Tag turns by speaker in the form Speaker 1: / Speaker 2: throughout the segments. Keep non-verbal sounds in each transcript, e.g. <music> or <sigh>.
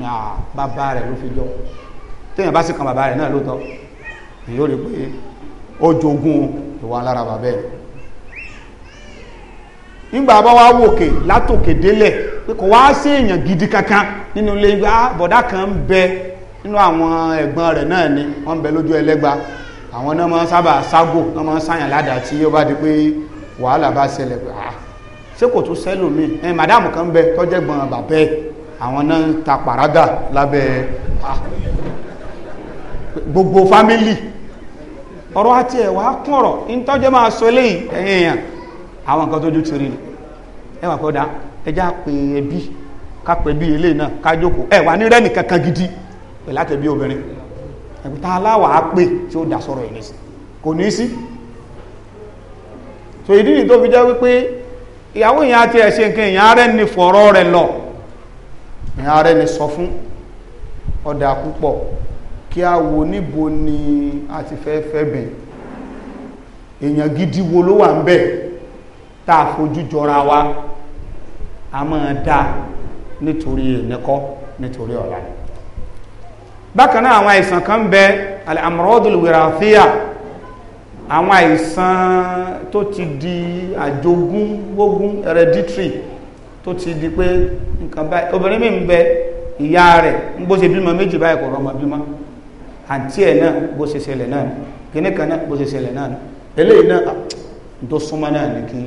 Speaker 1: ní à ah, bàbá rẹ̀ ló fi jọ téèyàn bá sì kan bàbá rẹ̀ náà lóòótọ́ èyí ó rí pé ó jogún ìwà lára bàbá ẹ̀ nígbà bá wá wòkè látòkè délẹ̀ pé kò wá sí èèyàn gidi kankan nínú ilé ìgbà ah, bọ̀dá kan ń bẹ nínú àwọn ẹ̀gbọ́n rẹ̀ náà ni wọ́n ń bẹ lójú ẹlẹ́gba àwọn náà máa ń sábà ságò náà máa ń sáyàn ládàá tí ó bá di pé wàhálà bá ṣẹlẹ̀ pé ah, ṣé kò tún sẹ́lòmíì ẹ̀ eh, màdáàmù kan ń bẹ tọ́jẹ́gbọ̀n bàbá ẹ̀ àwọn náà ta pàrádà lábẹ́ ah, gbogbo fámílì ọ̀rọ̀ àti ẹ̀wà kún ọ̀rọ̀ in máa sọ ẹ̀yìn èèyàn àwọn nǹkan tójú ti rí ni ẹwà kọ́dá ẹjá pè ẹbí kápẹ́ bí náà kájókòó ẹwà ní kankan gidi obìnrin ẹ̀kúta aláwà á pè tí ó dà sọ̀rọ̀ ẹ̀ nísì kò ní sí so ìdí fi jẹ́ wípé ìyàwó ìyàn àti ìyàn rẹ̀ ní fọ̀rọ̀ rẹ̀ lọ ìyàn ara ẹni sọ fún ọ̀dà púpọ̀ kí a wo níbo ni a ti fẹ́ fẹ́ bẹ̀ èèyàn gidi wo ló wà ń bẹ̀ tá a fojú jọra wa a máa dá nítorí ẹ̀nẹ́kọ́ nítorí ọ̀la bákan náà àwọn àìsàn kan ń bẹ al-amradul àwọn àìsàn tó ti di àjogún gbógún hereditary tó ti di pé nǹkan báyìí obìnrin mi ń bẹ ìyá rẹ̀ ń bó ṣe bímọ méjì báyìí kò rọmọ bímọ àǹtí ẹ̀ náà bó ṣe ṣẹlẹ̀ náà kìíní kan náà bó ṣe ṣẹlẹ̀ náà eléyìí náà ah, tó súnmọ́ náà ní kí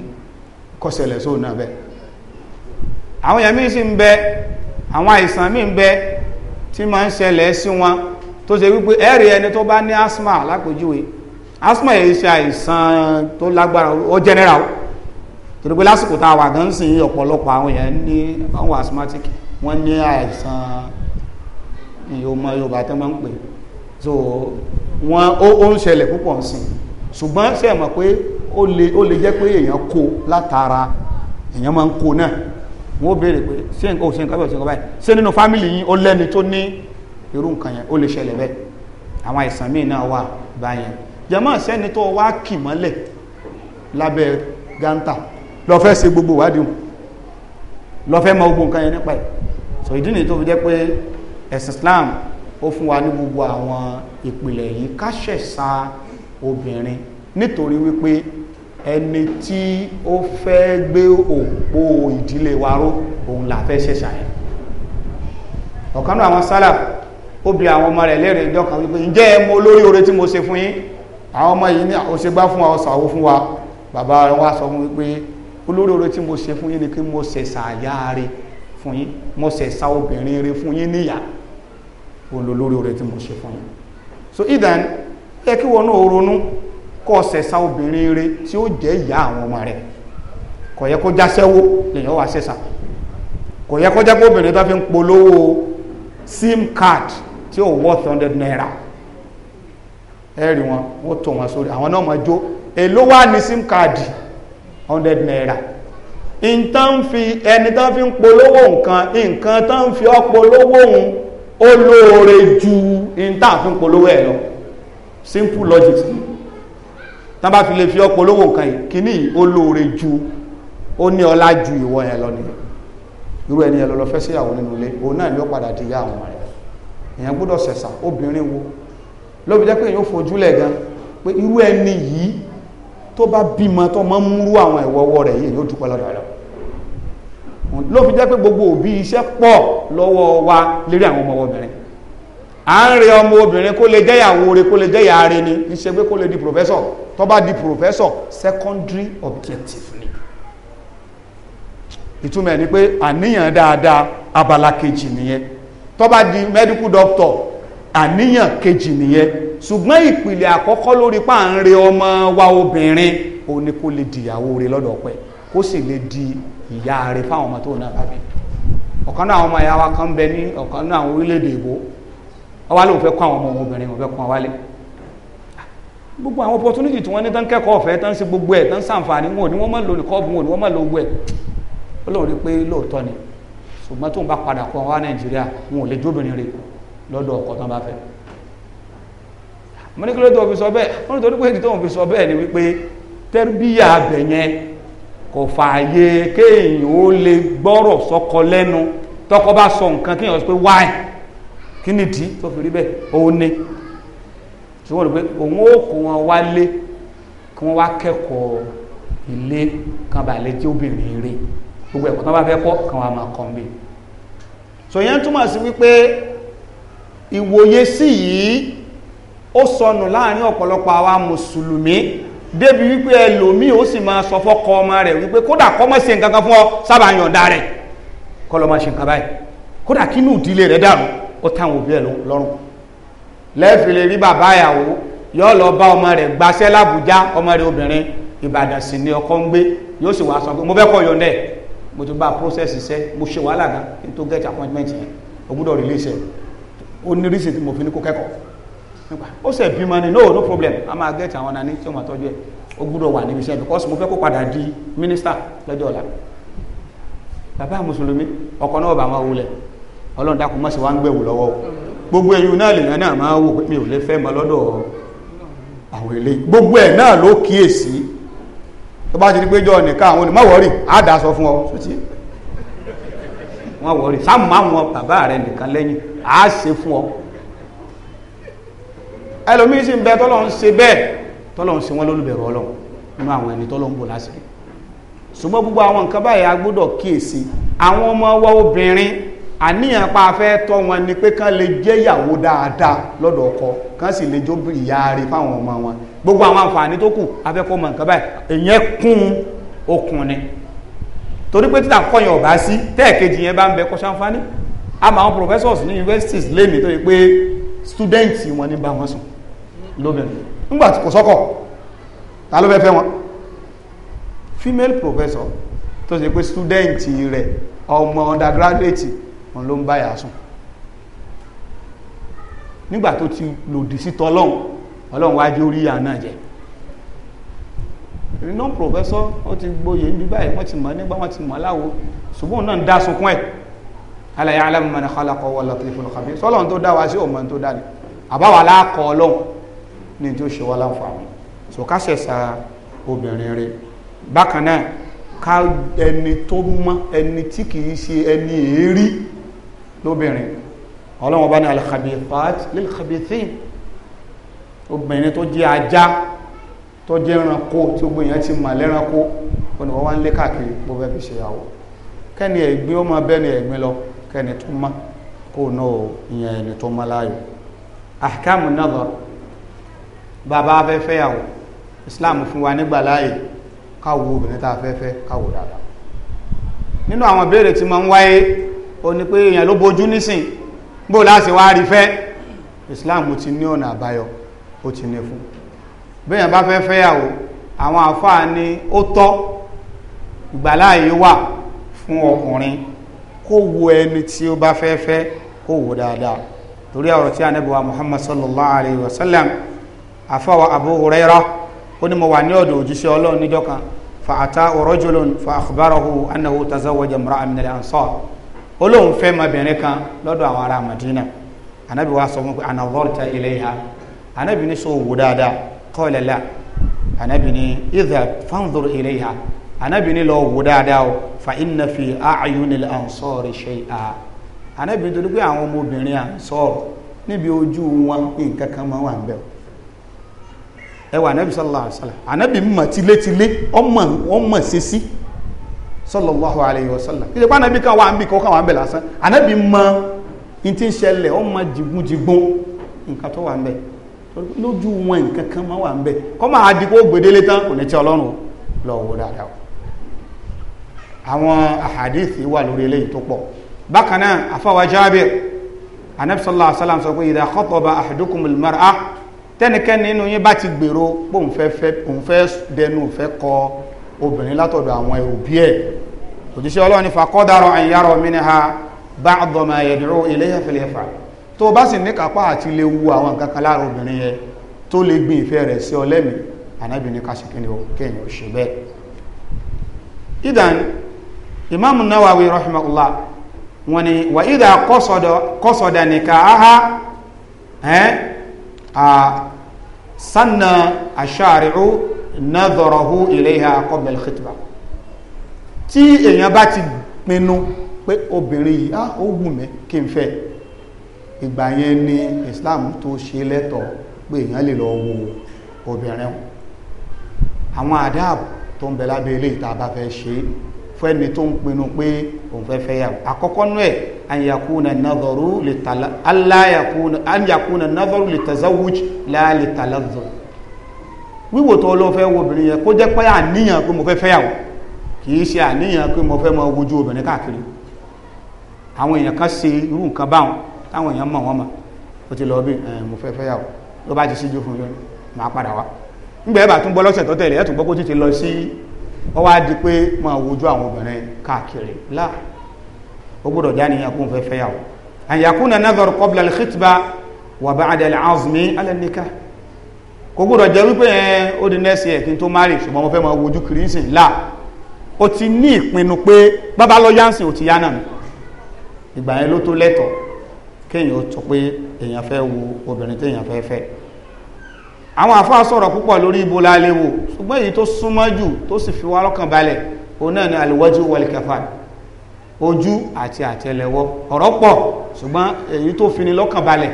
Speaker 1: kọ́ṣẹlẹ̀ sóò náà bẹ́ẹ̀ àwọn èèyàn míì sì ń bẹ àwọn àìsàn míì ń bẹ tí máa ń ṣẹlẹ̀ sí wọn tó ṣe wípé ẹ̀rí ẹni tó bá ní asthma lápèjúwe asthma yìí ṣe àìsàn tó lágbára ó general torí pé lásìkò tá a wà gan sìn ọ̀pọ̀lọpọ̀ àwọn èèyàn ní wọ́n wà asthmatic wọ́n ní àìsàn ìyọmọ Yorùbá tó máa ń pè so wọ́n ó ń ṣẹlẹ̀ púpọ̀ sìn ṣùgbọ́n ṣe mọ̀ pé ó lè jẹ́ pé èèyàn kó látara èèyàn máa ń kó náà wọ́n béèrè pé ṣé nǹkan òṣèǹkan bẹ́ẹ̀ òṣèǹkan báyìí ṣé nínú fámìlì yín ó lẹ́ni tó ní irú nǹkan yẹn ó lè ṣẹlẹ̀ bẹ́ẹ̀ àwọn àìsàn míì náà wà báyẹn jẹ́mọ́ sẹ́ni tó wá kì mọ́lẹ̀ lábẹ́ gántà lọ fẹ́ ṣe gbogbo ìwádìí lọ fẹ́ mọ gbogbo nǹkan yẹn nípa ẹ̀ so ìdí nìyí tó fi jẹ́ pé ẹ̀sìn Islam ó fún wa ní gbogbo àwọn ìpìlẹ̀ yìí ká ṣẹ̀sà obìnrin nítorí wípé ẹni tí ó fẹ́ gbé òpó ìdílé wa ró òun là fẹ́ ṣẹ̀sà yẹn ọ̀kan náà àwọn sálà ó bi àwọn ọmọ rẹ̀ lẹ́rìí ìjọ kan wípé ǹjẹ́ ẹ mọ olórí oore tí mo ṣe fún yín àwọn ọmọ yìí ní àwòṣegbá fún wa ọ̀sàwò fún wa bàbá rẹ̀ wá sọ fún wípé olórí oore tí mo ṣe fún yín ni pé mo ṣẹ̀ṣà àyá rẹ fún yín mo ṣẹ̀ṣà obìnrin rẹ fún yín níyà olórí tí mo ṣe fún yín so idan yẹ kí wọn náà ronú kọ́ ṣẹ̀ṣà obìnrin rẹ tí ó jẹ́ ìyá àwọn ọmọ rẹ kò yẹ kó jáṣẹ́wó lèyàn wá ṣẹ̀ṣà kò yẹ kó jẹ́ pé obìnrin tó fi ń polówó sim card tí ò worth hundred naira ẹ rí wọn wọ́n tó wọn sórí àwọn náà máa jó èló wà ní sim card yìí hundred naira nǹkan fi ẹni tán fi ń polówó nǹkan nǹkan tán fi ọ́ polówó òun ó lóore ju nǹkan fi ń polówó ẹ̀ lọ simple logic tán bá fi lè fi ọ́ polówó nǹkan yìí kíní ó lóore ju ó ní ọlá ju ìwọ yẹn lọ nìyẹn irú ẹni yẹn lọ́lọ́ fẹ́ síyàwó nínú ilé òun náà ni ó padà di ìyá àwọn rẹ̀ èèyàn gbọ́dọ̀ sẹ̀sà obìnrin wo lóbi jẹ́ pé èèyàn ó fojúlẹ̀ gan pé irú ẹni yìí tó bá bímọ tó mọ́ múrú àwọn ìwọ́wọ́ rẹ̀ yìí yóò dúpẹ́ lọ́dọ̀ rẹ̀ ló fi jẹ́ pé gbogbo òbí iṣẹ́ pọ̀ lọ́wọ́ wa lérí àwọn ọmọ obìnrin à ń re ọmọ obìnrin kó lè jẹ́ ìyàwó rẹ̀ kó lè jẹ́ ìyá rẹ̀ ni iṣẹ́ pé kó lè di professor tó bá di professor secondary objective ni ìtumọ̀ ni pé àníyàn dáadáa abala kejì nìyẹn tó bá di medical doctor àníyàn kejì nìyẹn ṣùgbọ́n ìpìlẹ̀ àkọ́kọ́ lórí páàrin ọmọ wa obìnrin o ní kó lè dìyàwó rẹ̀ lọ́dọ̀ ọpẹ kó sì lè di ìyá rẹ̀ fáwọn ọmọ tó náà ọ̀kan náà àwọn ọmọ ìyá wa kan bẹ ní ọ̀kan náà àwọn orílẹ̀-èdè ọwá lóun wọn fẹ́ wálé gbogbo àwọn opportunity tí wọ́n ní tán kẹ́kọ̀ọ́ ọ̀fẹ́ tán gbogbo ẹ̀ tán sàǹfààní wọn ni wọ́n mọ̀ kọ́ọ̀bù wọn ni lọ́dọ̀ ọkọ tán bá fẹ́ mo ní kí ló tó fi sọ bẹ́ẹ̀ wọ́n nítorí pé tó fi sọ bẹ́ẹ̀ ni wípé tẹ́rbíyà abẹ yẹn kò fààyè kéèyàn ó lè gbọ́rọ̀ sọ́kọ lẹ́nu tọ́kọ bá sọ nǹkan kéèyàn sọ pé wáì kí nìdí tó fi rí bẹ́ẹ̀ òun ni ṣùgbọ́n pé òun ó kó wọn wálé kí wọ́n wá kẹ́kọ̀ọ́ ilé kan bá lè jẹ́ obìnrin rí gbogbo ẹ̀kọ́ tán bá fẹ́ kọ́ kan wá máa kọ́ mi. sòyẹn túmọ̀ sí wípé ìwòye sí yìí ó sọnù láàrin ọ̀pọ̀lọpọ̀ àwa mùsùlùmí débi wípé ẹlòmíì ó sì máa sọ fọ́kọ ọmọ rẹ̀ wípé kódà kọ́ sí nǹkan kan fún ọ sábà rẹ̀ kọ́ lọ́ máa ṣe nǹkan báyìí kódà kínú ìdílé rẹ̀ dàrú ó táwọn òbí ẹ̀ lọ́rùn rí bàbá ìyàwó yóò lọ bá ọmọ rẹ̀ gbaṣẹ́ ọmọ rẹ̀ obìnrin Ìbàdàn sì ni ọkọ ń gbé yóò sì wá sọ pé mo fẹ́ kọ́ mo ó ní tí mo fi ní kó kẹ́kọ̀ọ́ nípa ó sẹ̀ ni no no problem a máa gẹ́ẹ̀tì àwọn nani tí ó máa tọ́jú ẹ̀ ó gbúdọ̀ wà níbi iṣẹ́ because mo fẹ́ kó padà di minister lọ́jọ́ ọ̀la bàbá mùsùlùmí ọkọ̀ náà bàmá ọlọ́run dákun gbogbo ẹ̀yìn náà lèèyàn náà máa wò pé mi ò lè fẹ́ mọ lọ́dọ̀ àwọn gbogbo ẹ̀ náà ló kíyèsí tó bá ti nìkan àwọn onímọ̀ á dà sọ fún ọ wọ́n sáà máa wọn bàbá á se fún ọ ẹlòmíín sì ń bẹ tọ́lọ́ ń ṣe bẹ́ẹ̀ tọ́lọ́ ń ṣe wọ́n lólùbẹ̀rù ọlọ́run nínú àwọn ẹni tọ́lọ́ ń bò lásìkò ṣùgbọ́n gbogbo àwọn nǹkan báyìí a gbọ́dọ̀ kíyèsí àwọn ọmọ wa obìnrin àníyàn pa afẹ́ tọ́ wọn ni pé kán lè jẹ́ ìyàwó dáadáa lọ́dọ̀ ọkọ kán sì lè jó ìyá rẹ̀ fáwọn ọmọ wọn gbogbo àwọn àǹfààní tó kù afẹ́kọ́ mọ̀ nǹkan báyìí èyàn kún okùn ni torí pé títà kọyàn ọ̀bá sí tẹ́ẹ̀kejì yẹn bá ń bẹ kọ́ sáǹfààní àmọ́ àwọn professors ní universities lẹ́nu tó yẹ pé students wọn ní bá wọn sùn lóbìnrin nígbà tí kò sọ́kọ̀ ta ló fẹ́ fẹ́ wọn female professor tó ṣe pé student rẹ̀ ọmọ undergraduate wọn ló ń bá yà sùn nígbà tó ti lòdì sí tọ́lọ́hún ọlọ́run wájú orí ìyá náà jẹ́ non professor wọ́n ti gboyè ń bí báyìí wọ́n ti mọ̀ nígbà wọ́n ti mọ̀ láwo ṣùgbọ́n náà ń dá sunkún ẹ̀ ala ya'lamu man khalaqa wa latiful khabir sọlọ́n tó dá wa sí òun tó dá ni àbáwá aláàkọ́ ọlọ́run ní tó ṣe wá láǹfààní so ká ṣẹ̀ṣà obìnrin rẹ̀ bákan náà ká ẹni tó mọ́ ẹni tí kìí ṣe ẹni èérí lóbìnrin ọlọ́run ọba ní al-khabithat lil-khabithin obìnrin tó jẹ́ ajá tó jẹ́ ẹranko tí gbogbo èèyàn ti mọ̀ lẹ́ranko ó ní wọ́n wá ń lé káàkiri gbogbo ẹbí ṣèyàwó kẹ́ni ẹ̀gbin ó máa bẹ́ni ẹ̀gbin lọ kẹ́ni tó mọ́ kó náà ìyẹn ẹni tó mọ́ láàyò ahkamu nadhar bàbá afẹ́fẹ́ yàwó islam fún wa nígbà láàyè káwo obìnrin tá a fẹ́fẹ́ káwo dáadáa nínú àwọn ìbéèrè tí mo ń wáyé o ní pé èèyàn ló bojú nísìn bó láti wá rí fẹ́ islam ti ní ọ̀nà àbáyọ ó ti ní fún béèyàn bá fẹ́ fẹ́ yàwó àwọn àfáà ni ó tọ́ ìgbàláàyè wà fún ọkùnrin kó wo ẹni tí ó bá fẹ́ fẹ́ kó wo dáadáa torí àwọn tí ànábì wa muhammad sallallahu alayhi wa sallam àfọwọ́ abu huraira ó ní mo wà ní ọ̀dọ̀ òjíṣẹ́ ọlọ́run níjọ́ kan fa ata rajulun fa akhbarahu annahu tazawwaja imra'a min al-ansar olóhùn fẹ́ mọbìnrin kan lọ́dọ̀ àwọn ará madina anabi wa sọ fún pé anadharta ilayha anabi ní sọ wò dáadáa qala la anabi ní idha fanzur ilayha anabi ni lọ wò dáadáa o fa inna fi a'yunil ansori shay'a anabi nítorí pé àwọn ọmọbìnrin ansori níbi ojú wọn nǹkan kan máa wà ń bẹ o ẹ wà anabi sallallahu alayhi wa sallam anabi mọ̀ tilétilé ọmọ ọmọ sẹ́sí sallallahu alayhi wa sallam kí ló pa anabi kan wà ń kan wà ń lásán anabi mọ n ti ń ṣẹlẹ̀ ọmọ jigunjigun tó wà ń lójú wọn nǹkan máa wà ń bẹ kọ́ gbèdélé tán kò ní tí ọlọ́run lọ wò dáadáa àwọn àhàdíìsì wà lórí eléyìí tó pọ̀ bákan náà àfọwà Jábìr Ànábì sallallahu alaihi wasallam sọ pé idha khataba ahadukumul mar'a tẹ́nikẹ́ni nínú yín bá ti gbèrò pé òun fẹ́ fẹ́ òun fẹ́ dẹnu fẹ́ kọ obìnrin látọ̀dọ̀ àwọn òbí ẹ̀ òjíṣẹ́ Ọlọ́run ní faqadara an yara minha ba'd ma yad'u ilayha falyaf'al tó bá sì níkàpá àti lè wu àwọn nǹkan kan lára obìnrin yẹn tó lè gbin ìfẹ́ rẹ̀ sí ọlẹ́mì Ànábì ní ká ṣe kí imam nawawi rahimahullah wọ́n ní wà ìdá kọ́sọ̀dà nìka aha ẹ́ a sanna aṣáàrìú nadharahu ilayha qabla al-khitba tí èèyàn bá ti pinnu pé obìnrin yìí ah ó wù mí kí n fẹ́ ìgbà yẹn ni islam tó ṣe lẹ́tọ̀ọ́ pé èèyàn lè lọ wo obìnrin àwọn àdáàbò tó ń bẹ lábẹ́ ilé ìta bá fẹ́ ṣe fẹ́ni tó ń pinnu pé òun fẹ́ fẹ́ yàwó àkọ́kọ́ nú ẹ̀ anyakuna nadharu lè tala alayakuna anyakuna nadharu lè tazawuj láà lè tala zọ wíwò tó lọ fẹ́ wo obìnrin yẹn kó jẹ́ pé àníyàn pé mo fẹ́ fẹ́ yàwó kì í ṣe àníyàn pé mo fẹ́ mọ wojú obìnrin káàkiri àwọn èèyàn kan ṣe irú nǹkan báwọn táwọn èèyàn mọ̀ wọ́n mọ̀ ó ti lọ bí mo fẹ́ fẹ́ yàwó ló bá ti ṣíjú fún yọ máa padà wá nígbà bá tún gbọ́ lọ́sẹ̀ tó tẹ̀lé ẹ tún gbọ́ kó ti ti lọ sí ó wá di pé máa wojú àwọn obìnrin káàkiri lá ó gbọ́dọ̀ já ní yakun fẹ́ fẹ́ yàwó an yakuna nadhar qabla al-khitba wa ba'da al-azmi ala an-nikah kò gbọ́dọ̀ jẹ́ wípé ẹ̀ ó di next year kí n tó marry ṣùgbọ́n mo fẹ́ máa wojú kiri sìn lá ó ti ní ìpinnu pé bàbá lọ yánsìn ti yá náà ìgbà yẹn ló tó lẹ́tọ̀ọ́ kéèyàn ó pé èèyàn fẹ́ wo obìnrin téèyàn fẹ́ fẹ́ àwọn àfáà sọ̀rọ̀ púpọ̀ lórí ibo la lè wò ṣùgbọ́n èyí tó súnmọ́ jù tó sì fi wá lọ́kàn balẹ̀ òun náà ni àlùwájú wọlé kẹfà ojú àti àtẹ́lẹwọ́ ọ̀rọ̀ pọ̀ ṣùgbọ́n èyí tó fini lọ́kàn balẹ̀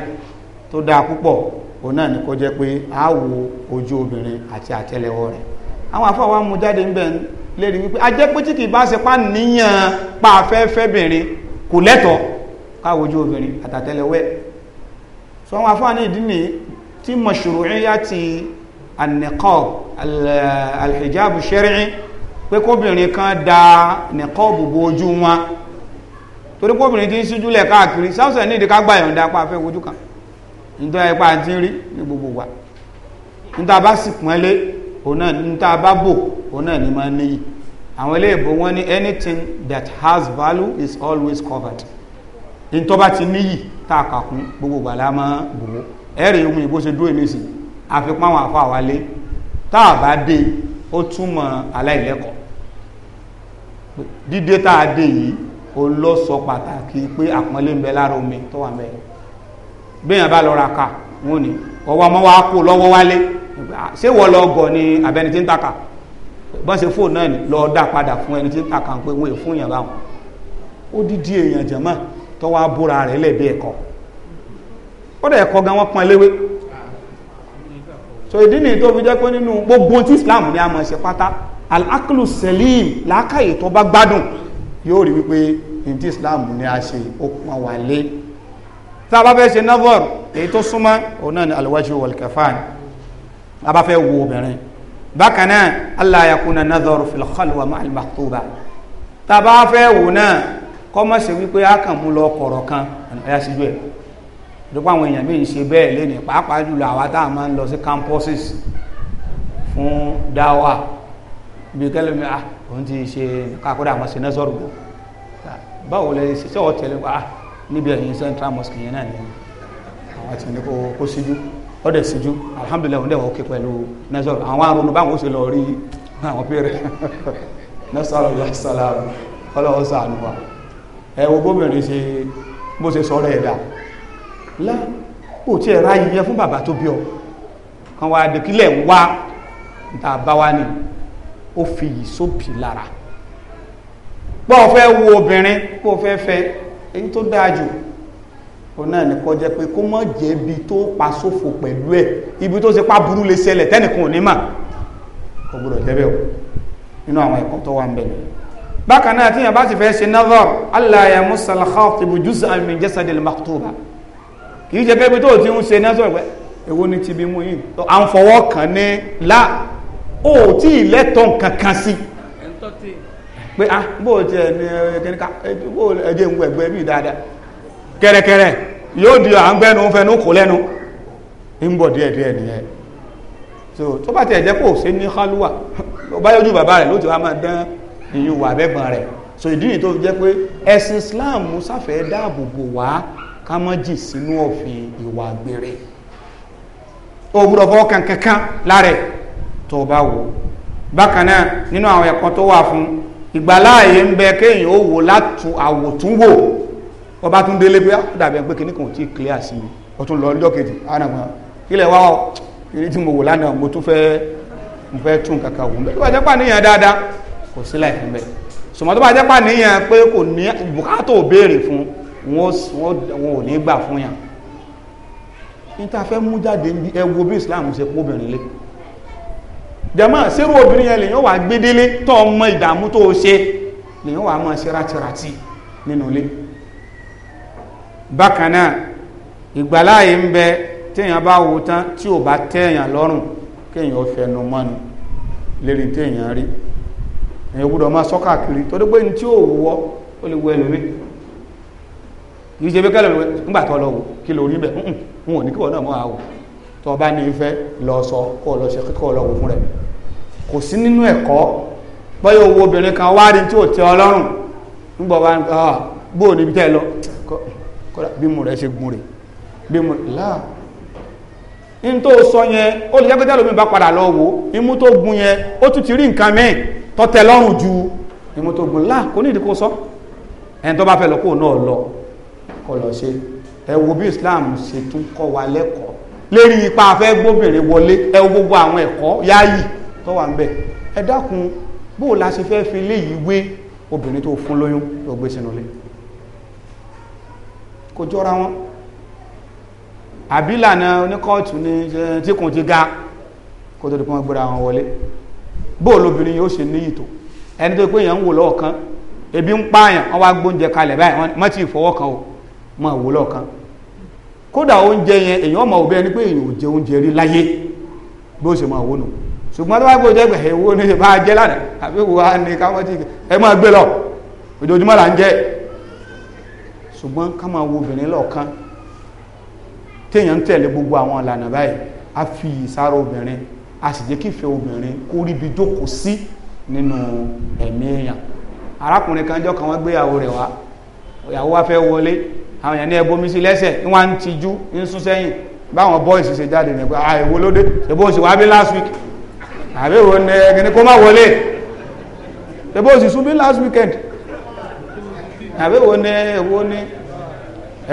Speaker 1: tó dáa púpọ̀ òun náà ni kó jẹ́ pé a wo ojú obìnrin àti àtẹ́lẹwọ́ rẹ̀ àwọn àfáà wa mú jáde ń bẹ̀ lérí wípé a pé tí kì bá ṣe pa níyàn pa afẹ́fẹ́bìnrin kò lẹ́tọ̀ọ́ káwo ojú obìnrin àtàtẹ́lẹwọ́ ẹ̀ sọ àwọn àfáà ní ìdí nìyí في mashru'iyati an الحجاب الشرعي، hijab ash-shar'i pé kóbìnrin kan da niqab bo ojú wọn torí kóbìnrin tí ń síjúlẹ̀ káàkiri sáwọ́sẹ̀ ní ìdíká gbà yọ̀ǹda pa afẹ́ ojú kan nítorí ẹ̀pá àti rí ní gbogbo wa níta bá sì pọ́nlé òun náà níta bá bò òun náà ní máa níyì àwọn ilé ìbò wọn ní anything that has value is always covered ní tó bá ti níyì tá a kà kún gbogbo wa la máa bò ẹ̀rì ohun ìbò ṣe dúró nísìn àfikún àwọn àfa àwálé tá a bá dé ó túmọ̀ aláìlẹ́kọ̀ọ́ dídé tá a dé yìí ó lọ sọ pàtàkì pé àpọ́nlé ń bẹ lára omi tó wà mẹ́rin béèyàn bá lọ ra ka wọn ò ní ọwọ́ ọmọ wa kó lọ́wọ́ wálé ṣé wọ́n lọ gọ̀ ni abẹni tí ń taka bọ́n ṣe fóònù náà ni lọ dá padà fún ẹni tí ń taka pé wọ́n è fún yàn báwọn ó dídí èèyàn jẹ̀mọ́ tó wá rẹ̀ lẹ́bi kódà ẹ̀kọ́ gan wọ́n pọn léwé so ìdí nìyí tó fi jẹ́ pé nínú gbogbo tí Islam ní a máa ṣe pátá al-aklu salim làákàyè tó bá gbádùn yóò rí wípé ní tí Islam ní a ṣe ó pọn wà lé tá a bá fẹ́ ṣe nazar èyí tó súnmọ́ òun náà ni al-wajhu wal-kafan a bá fẹ́ wo obìnrin bákan náà allah yakuna nazar fil khalwa ma'al makhtuba tá a bá fẹ́ wò náà kọ́ mọ̀ sí wípé a kàn mú lọ kọ̀rọ̀ kan ẹ̀yà síjú ẹ̀ dúpọ̀ àwọn èèyàn míì ṣe bẹ́ẹ̀ lẹ́nu pàápàá jùlọ àwa tá a máa ń lọ sí campuses fún dáwà bí kẹlẹ́mi ah òun ti ṣe kakúrẹ́ àwọn sinẹ́sọ̀rù gbọ́ báwo lè ṣe ṣe ọ̀tẹ̀lẹ̀ wá ah, níbi ẹ̀yìn central mosque yẹn náà ni àwọn ti ní kó síjú ó dẹ̀ síjú alhamdulilayi òun dẹ̀ wọ́n ké pẹ̀lú nẹ́sọ̀rù àwọn arúnú báwọn ó ṣe lọ rí àwọn péré nẹ́sọ̀rù lọ́sọ̀rù ọlọ́wọ́ sàánú wa ẹ̀ wo gómìnà ṣe bó ṣe sọ̀rọ̀ ẹ̀ lá ó ti ẹ̀rá yìnyẹn fún bàbá tó bí ọ kan wá dèkílẹ̀ ń wá níta bá wá ní ó fi yìí sóbì lára pọ́ ọ fẹ́ wo obìnrin kó o fẹ́ fẹ́ èyí tó dáa jù ọ náà ní kọjá pé kó mọ̀ jẹ́ ibi tó pa sófo pẹ̀lú ẹ̀ ibi tó ṣe pa burú lè ṣẹlẹ̀ tẹ́nìkan ò ní mà kò gbọdọ̀ jẹ́ bẹ́ẹ̀ o nínú àwọn ẹ̀kọ́ tó wà ń bẹ̀ nìyẹn bákan náà tíyàn bá ti fẹ́ ṣe nazar allah ya musa al-khatibu juz'an min jasadil kì í ṣe pé ibi tó ti ń ṣe náà sọ̀rọ̀ pé èwo ni ti bí mú yìí à ń fọwọ́ kàn ní la ó tí ì lẹ́tọ̀ nǹkan sí pé ah bó o tiẹ̀ ní kẹ́ríkà ẹjẹ́ ń wẹ̀gbẹ́ bí dáadáa kẹ́rẹ́kẹ́rẹ́ yóò di à ń gbẹ́nu fẹnu kò lẹ́nu ń bọ̀ díẹ̀díẹ̀ nìyẹn so tó bá tiẹ̀ jẹ́ kó o ṣe ní kálúwà <laughs> bá yọjú bàbá rẹ̀ ló ti wá máa dán ìyún wà bẹ́gbọ̀n rẹ̀ so ìdí nìyí tó fi jẹ́ pé ẹ̀sìn Islam sáfẹ́ dáàbò bò wá ká má jì sínú òfin ìwà gbére o gbúdọ̀ fọ́ kankankan lára tó o bá wò bákan náà nínú àwọn ẹ̀kọ́ tó wà fún ìgbàláàyè ń bẹ kéèyàn ó wò látún àwòtúnwò ọba tún délé pé ah, dàbí ẹgbẹ́ kìíní kan tí clear sí mi ó tún lọ ọjọ́ kejì ilẹ̀ wa ọ tí mo wò lánàá mo tún fẹ́ mo fẹ́ tún kàkà wò mẹ́ tó bá jẹ́ pà níyàn dáadáa kò wọn ò ní gbà fún yàn níta fẹ́ mú jáde ẹ wo bí Islam ṣe kó obìnrin lé jẹ́mọ́ sẹ́rù obìnrin yẹn lèyàn wà gbédélé tó ọmọ ìdààmú tó o ṣe lèyàn wà mọ́ ṣe rátirátì nínú ilé bákan náà ìgbàláyé ń bẹ téèyàn bá wo tán tí ò bá tẹ́yàn lọ́rùn kéèyàn fẹnu mọ́nu lérí téèyàn rí èyàn gbọ́dọ̀ máa sọ káàkiri torí pé ní tí ò wọ́ ó lè wọ ẹlòmíì kì í ṣe pé kẹlẹ̀ nígbà tó lọ wò kí lórí bẹ̀ ń wò ní kí wọ́n náà mọ́ àwò tó bá ní ìfẹ́ lọ sọ kó lọ ṣe kó lọ wò fún rẹ̀ kò sí nínú ẹ̀kọ́ bọ́yọ̀ owó obìnrin kan wá rí tí ò tẹ́ ọlọ́run nígbà wá ní bó o níbi tẹ́ lọ kódà bí mo rẹ̀ ṣe gun rè bí mo là ń tó sọ yẹn ó lè jẹ́ pé tẹ́lómi bá padà lọ wò imú tó gun yẹn ó tún ti rí nǹkan mẹ́ẹ̀ tọ́tẹ lọ́rùn ju imú tó gun là kò ní ìdíkó sọ ẹni tó bá fẹ́ lọ kó náà lọ kó lọ ṣe ẹ wo bí Islam ṣe tún kọ́ wa lẹ́kọ̀ọ́ lérí ipa afẹ́ gbóbìnrin wọlé ẹ wo gbogbo àwọn ẹ̀kọ́ yáàyè tó wà ń bẹ̀ ẹ dákun bó o la ṣe fẹ́ fi léyìí wé obìnrin tó fún lóyún tó gbé sínú ilé kò jọra wọn àbí ìlànà oníkọ́ọ̀tù ni tí kò ti ga kó tó di pé wọ́n gbéra wọn wọlé bó o lóbìnrin yóò ṣe níyì tó ẹni tó pé èèyàn ń wò lọ́ọ̀kan ebi ń pààyàn wọ́n wá gbóúnjẹ kalẹ̀ báyìí wọ́n ti fọwọ́ kan o ma wò lọ́ọ̀kan kódà oúnjẹ yẹn èyàn ọmọ òbí ẹni pé èyàn ò jẹ oúnjẹ rí láyé bó ṣe máa wò nù ṣùgbọ́n tó bá gbé jẹ́ pẹ̀lú owó ní ṣe bá jẹ́ lánàá àbí wo á ní káwọn tí ẹ máa gbé lọ ojoojúmọ́ là ń jẹ́ ṣùgbọ́n ká máa wo obìnrin lọ́ọ̀kan téèyàn ń tẹ̀lé gbogbo àwọn ìlànà báyìí a fi ìsára obìnrin a sì jẹ́ kí ìfẹ́ obìnrin kó ríbi jókòó sí nínú ẹ̀mí èèyàn arákùnrin kan jọ́ kan wọ́n gbéyàwó rẹ̀ wá ìyàwó wa fẹ́ wọlé àwọn èèyàn ní ẹ bomi sí lẹ́sẹ̀ wọ́n ń tijú ń sún sẹ́yìn báwọn boys ṣe jáde nípa ah, àìwò lóde ṣèbó ṣe wá bí last week àbí ìwò ní ẹgbẹ̀ni kó má wọlé ṣèbó ṣe sún bí last weekend àbí ìwò ní ẹwọ ní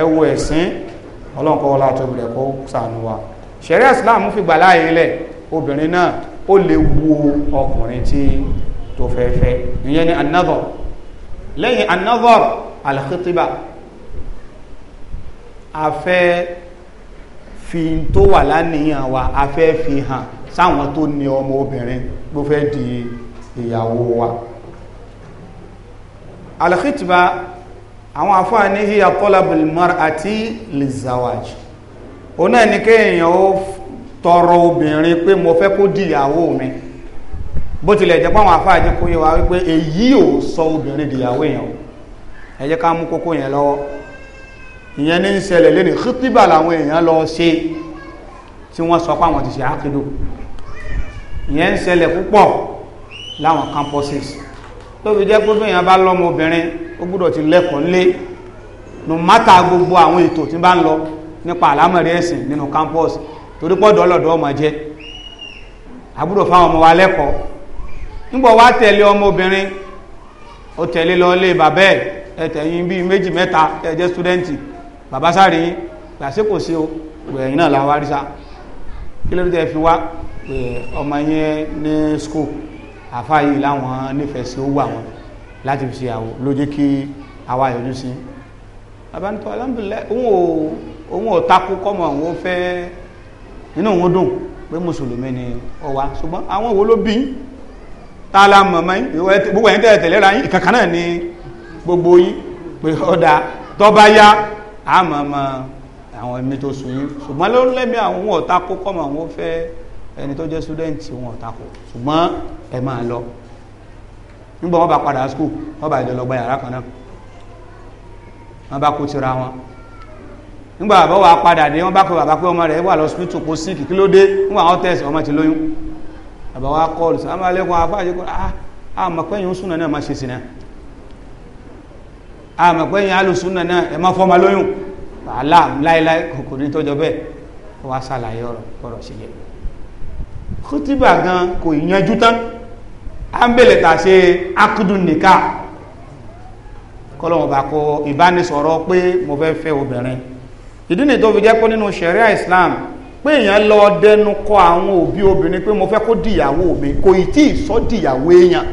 Speaker 1: ẹwọ ẹ̀sìn ọlọ́nkọ́ ọlá tó bẹ̀rẹ̀ kó sànú wa ṣẹ̀ríà Islam fi gbà láàyè lẹ̀ obìnrin náà ó lè wo ọkùnrin tí tó fẹ́ fẹ́ ìyẹn ni another lẹ́yìn another al a fẹ́ fi tó wà lánìyàn wa a fẹ́ fi hàn sáwọn tó ní ọmọ obìnrin ló fẹ́ di ìyàwó wa alkhitba àwọn àfáàní hiya talabul mar'ati lizawaj òun náà ní kéèyàn ó tọrọ obìnrin pé mo fẹ́ kó di ìyàwó mi bó tilẹ̀ jẹ́ pàwọn àfáàjẹ́ kó yẹ wa wípé èyí ò sọ obìnrin dìyàwó èèyàn ẹ ká mú kókó yẹn lọ́wọ́ ìyẹn ní ń ṣẹlẹ̀ lẹ́ni khitiba làwọn èèyàn lọ ṣe tí wọ́n sọ pé àwọn ti ṣe àkídò ìyẹn ń ṣẹlẹ̀ púpọ̀ láwọn campuses tó fi jẹ́ pé bí èèyàn bá lọ́mọ obìnrin ó gbúdọ̀ ti lẹ́kọ̀ọ́ lé no matter gbogbo àwọn ètò tí bá ń lọ nípa àlámọ̀rí ẹ̀sìn nínú campus torí pọ́ dọ́lọ́dọ́ ọmọ jẹ́ àbúrò fáwọn ọmọ wa lẹ́kọ̀ọ́ nígbà wá tẹ̀lé ọmọbìnrin ó tẹ̀lé lọ lé bàbá ẹ̀ ẹ̀tẹ̀yìn bíi méjì mẹ́ta ẹ̀jẹ̀ stúdẹ́ǹtì bàbá sáré gbàsí kò sí o gbẹ̀yìn náà làwọn arísá kí ló dé fi wá pé ọmọ yẹn ní school àfa yìí láwọn nífẹ̀ẹ́ sí owó àwọn láti fi ṣe àwò ló jẹ́ kí àwa yọjú sí bàbá ń tọ́ alhamdulillah òun ò òun ò takú kọ́mọ òun fẹ́ inú òun dùn pé mùsùlùmí ni ọ wa ṣùgbọ́n àwọn wo ló bí tá a la mọ̀ mọ́ gbogbo ẹ̀yìn tẹ̀lé ra yín ìkankan ni gbogbo yín pé ọ̀dà tọ́ bá yá àmọ́ mọ àwọn ẹ̀mí tó sùn yín ṣùgbọ́n ló lẹ́mí àwọn ohun ọ̀tá kó kọ́mọ àwọn fẹ́ ẹni tó jẹ́ sùdẹ́ǹtì wọn ọ̀tá kó ṣùgbọ́n ẹ máa lọ nígbà wọn bá padà skul wọn bá ìdọ̀lọ́gba yàrá kan náà wọn bá kó tira wọn nígbà bàbá wa padà dé wọn bá kó bàbá pé ọmọ rẹ wà lọ́sítù kó síkì kí ló dé nígbà wọn tẹ̀sí ọmọ ti lóyún bàbá wa kọ́ọ̀lù sàmàlẹ́kùn afáàjẹkùn ah àmọ́ pẹ́yìn ó sùn náà ní àmọ́ ṣe sí náà àmọ́ pé yẹn alùsùnà náà ẹ má fọmọ lóyún wàhálà láéláé kòkò ní tọjọ bẹ́ẹ̀ ó wá ṣàlàyé ọ̀rọ̀ ọ̀rọ̀ ṣe yẹ kútìbà gan kò yanjú tán à ń bèlè tà ṣe akudun nìka kọlọ́wọ́n bá kọ ìbánisọ̀rọ̀ pé mo fẹ́ fẹ́ obìnrin ìdí nìyí tó fi jẹ́ pé nínú sẹ̀ríà Islam pé èèyàn lọ dẹnu kọ àwọn òbí obìnrin pé mo fẹ́ kó dìyàwó mi kò ì tí ì sọ dìyàwó èèyàn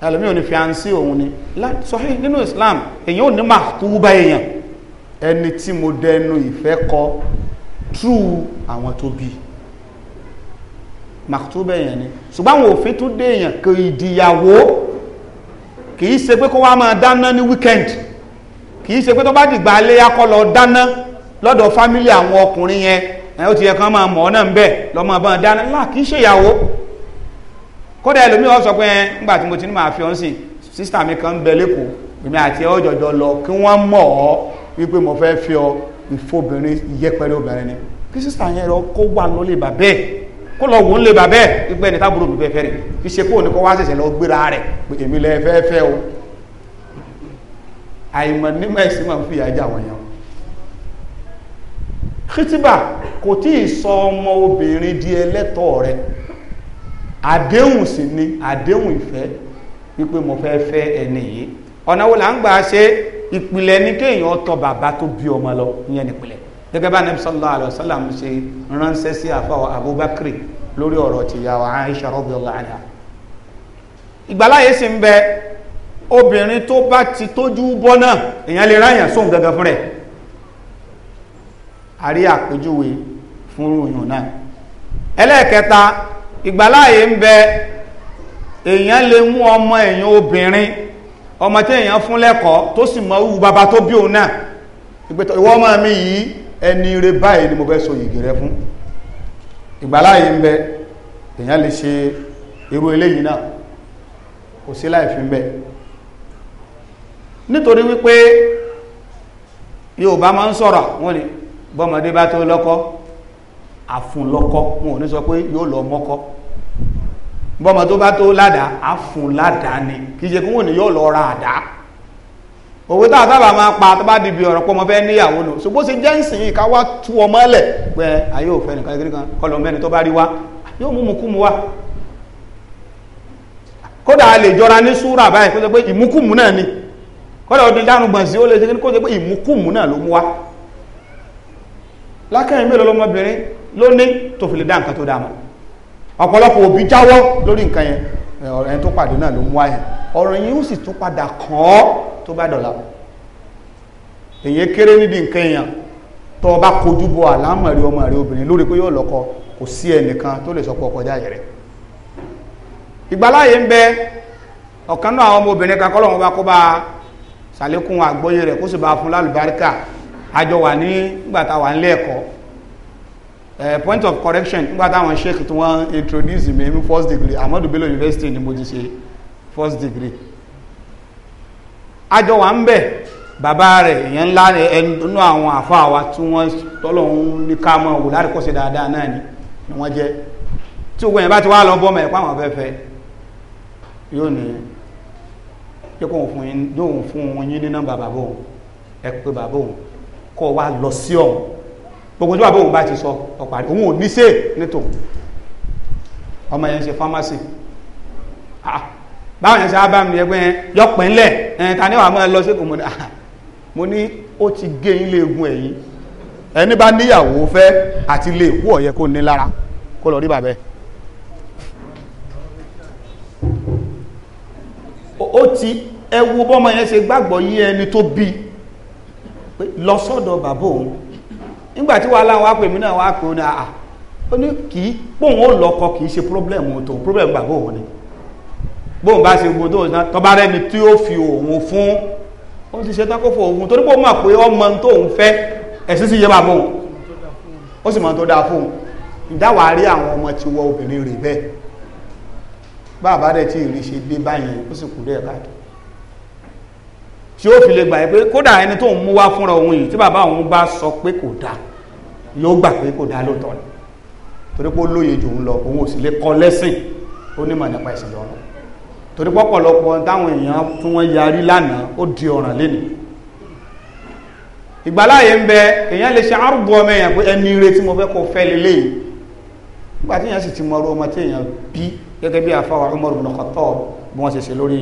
Speaker 1: ẹlòmíì ò ní fiancé òun ni sọfí nínú Islam èyàn ò ní màtúbà èèyàn ẹni tí mo dẹnu ìfẹ́ kọ tú àwọn tó bí màtúbà èèyàn ni ṣùgbọ́n àwọn òfin tún dé èèyàn kò ìdìyàwó kì í ṣe pé kó wá máa dáná ní weekend kì í ṣe pé tó bá dìgbà aléyá kọ́ lọ dáná lọ́dọ̀ fámílì àwọn ọkùnrin yẹn ó ti yẹ kán máa mọ̀ ọ́ náà ń bẹ̀ lọ́mọ bá dáná láà kì í ṣèyàwó kódà ẹlòmíì wọ́n sọ pé ẹ ńgbà tí mo ti ní màá fi ọ́n sìn sísítà mi kan ń bẹ lẹ́kọ̀ọ́ èmi àti ẹ ọ̀jọ̀jọ̀ lọ kí wọ́n mọ̀ ọ́ wípé mo fẹ́ fi ọ ìfobìnrin yẹpẹrẹ obìnrin ni kí sísítà yẹn lọ kó wà lọ lè bà bẹ́ẹ̀ kó lọ wò ó lè bà bẹ́ẹ̀ wípé ẹni tábúrò mi fẹ́ fẹ́ rẹ̀ kí ṣe kóò ní kó wá ṣẹ̀ṣẹ̀ lọ gbéra rẹ̀ pé èmi lẹ fẹ́ fẹ́ o àìmọ̀ nímọ̀ ẹ̀sìn máa ń fi ìyá jà wọ̀n yẹn kìtìbà kò tí ì sọ ọmọ obìnrin di ẹlẹ́tọ̀ọ́ rẹ̀ àdéhùn sì ni àdéhùn ìfẹ́ wípé mo fẹ́ fẹ́ ẹni yìí ọ̀nà wo là ń gbà ṣe ìpìlẹ̀ ni kéèyàn tọ bàbá tó bí ọmọ lọ ìyẹn nípìlẹ̀ gẹ́gẹ́ bá anabi sallallahu alayhi wa sallam ṣe ránṣẹ́ sí àfọwọ́ abubakar lórí ọ̀rọ̀ tìyàwó aisha radiyallahu anha ìgbàláyé sì ń bẹ obìnrin tó bá ti tójú bọ́ náà èèyàn lè ráyàn sóhun gangan fún rẹ̀ a rí àpèjúwe fún ròyìn náà ẹlẹ́ẹ̀kẹta ìgbàláyè ń bẹ èèyàn lè mú ọmọ èèyàn obìnrin ọmọ tí èèyàn fún lẹ́kọ̀ọ́ tó sì mọ wù bàbá tó bí òun náà ìgbẹ́tọ̀ ìwọ ọmọ mi yìí ẹni rẹ báyìí ni mo fẹ́ so yìgì rẹ fún ìgbàláyè ń bẹ èèyàn lè ṣe irú eléyìí náà kò sí láì fi ń bẹ nítorí wípé Yorùbá máa ń sọ̀rọ̀ wọ́n ní bọ́mọdé bá tó lọ́kọ́ àfúnlọ́kọ́ wọn ò ní sọ pé yóò lọ mọ́kọ́ bọ́mọ tó bá tó ládàá àfúnládàá ni kì í ṣe kí wọn ò ní yóò lọ ra àdá òwe tá a sábà máa pa tó bá di ibi ọ̀rọ̀ pọ̀ ọmọ fẹ́ níyàwó nù ṣùgbọ́n ṣe jẹ́ǹsì yìí ká wá tú ọmọ ẹlẹ̀ pé ayé òfẹ́ nìkan kékeré kan kọlọ̀ mẹ́ni tó bá rí wá yóò mú mukumu wá kódà a lè jọra ní súrà báyìí kó ṣe pé ìmukumu náà ni kódà ó ti dánu gbọ̀n sí ó lè ṣe kó ṣe pé ìmukumu náà ló mú wá lákẹ́yìn mélòó lọmọbìnrin ló tó fi lè dá nǹkan tó dáa ọ̀pọ̀lọpọ̀ òbí jáwọ́ lórí nǹkan yẹn ọ̀rọ̀ yẹn tó pàdé náà ló mú ọ̀rọ̀ yẹn ó sì tún padà kàn ọ́ tó bá dọ̀la èyí kéré nídìí nǹkan èèyàn tó o bá kojú bọ àlámọ̀rí ọmọ rẹ obìnrin lórí pé yóò lọ́kọ kò sí ẹnìkan tó lè sọ pé ọkọ jáyẹ rẹ ìgbàláyé ń bẹ ọ̀kan náà àwọn ọmọbìnrin kan kọ́lọ́wọ́n bá kó bá àgbọ́yé kó sì bá fún lálùbáríkà àjọ wà ní Uh, point of correction nígbà táwọn sheik tí wọ́n introduce mi ní first degree Ahmadu Bello University ni mo ti ṣe first degree àjọ wa ń bẹ̀ bàbá rẹ̀ èèyàn ńlá ẹnu àwọn àfa wa tí wọ́n tọ́lọ̀ ń ní ká mọ́ wò láti kọ́sẹ̀ dáadáa náà ni ni wọ́n jẹ́ tí ògbọ́n yẹn bá ti wá lọ bọ́ mẹ́rin pàwọn afẹ́fẹ́ yóò ní yóò kó fún yín ní nọ́mbà bàbá òun ẹ pé bàbá òun kọ́ wa lọ sí ọ̀hún gbogbo tí wà bóun bá ti sọ ọ̀parí òun ò ní ṣe nítò ọmọ yẹn ṣe pharmacy ah, báwọn yẹn ṣe abámi ni ẹgbẹ́ yọpẹ́ ńlẹ̀ ẹ̀ ta ni wàá máa lọ sí kòmọ́ni ah, mo ní ó ti gé yín lé egun ẹ̀yìn ẹni bá níyàwó fẹ́ àti lè kú ọ̀yẹ kó ní lára kó lọ rí bàbẹ́ ó ti ẹwu bọ́mọ yẹn ṣe gbàgbọ́ yí ẹni tó bí lọ sọ́dọ̀ bàbá òun nígbà tí wàhálà wa pè mí náà wá pè ó ní àà ah, ah. ó ní kì í bóun ó lọkọ kì í ṣe pírọ́blẹ̀mù tó pírọ́blẹ̀mù bàbá òun ni bóun bá ṣe gbogbo tóun náà tọ́ba rẹ́ni tí ó fi òun fún ó ti ṣe tako fún òun torí pé ó mọ̀ pé ọmọ tóun fẹ́ ẹ̀sìn sì yé bàbá òun ó sì mọ̀ tó dáa fún un ìdáwàá rí àwọn ọmọ tí wọ obìnrin rè bẹ́ẹ̀ bàbá rẹ̀ tí ì ṣe dé báyìí ó sì kú dé ẹ̀ tí ó fi lè gbà yẹ pé kódà ẹni tó ń mú wá fúnra òun yìí tí bàbá òun bá sọ pé kò dá yóò gbà pé kò dá lóòótọ́ ni torí pé ó lóye jù ń lọ òun ò sì lè kọ́ lẹ́sìn ó ní mọ̀ nípa ìsìn lọ́nà torí pọ̀pọ̀lọpọ̀ táwọn èèyàn tí wọ́n yarí lánàá ó di ọ̀ràn lẹ́nu ìgbàláyé ń bẹ èèyàn lè ṣe arúgbó ọmọ èèyàn pé ẹni ire tí mo fẹ́ kó fẹ́ lélẹ́yìí nígbà tí èèyàn sì ti mọ ọrọ̀ ọmọ tí èèyàn bí gẹ́gẹ́ bí àfáwà Umar ibn Khattab bí wọ́n ṣe ṣe lórí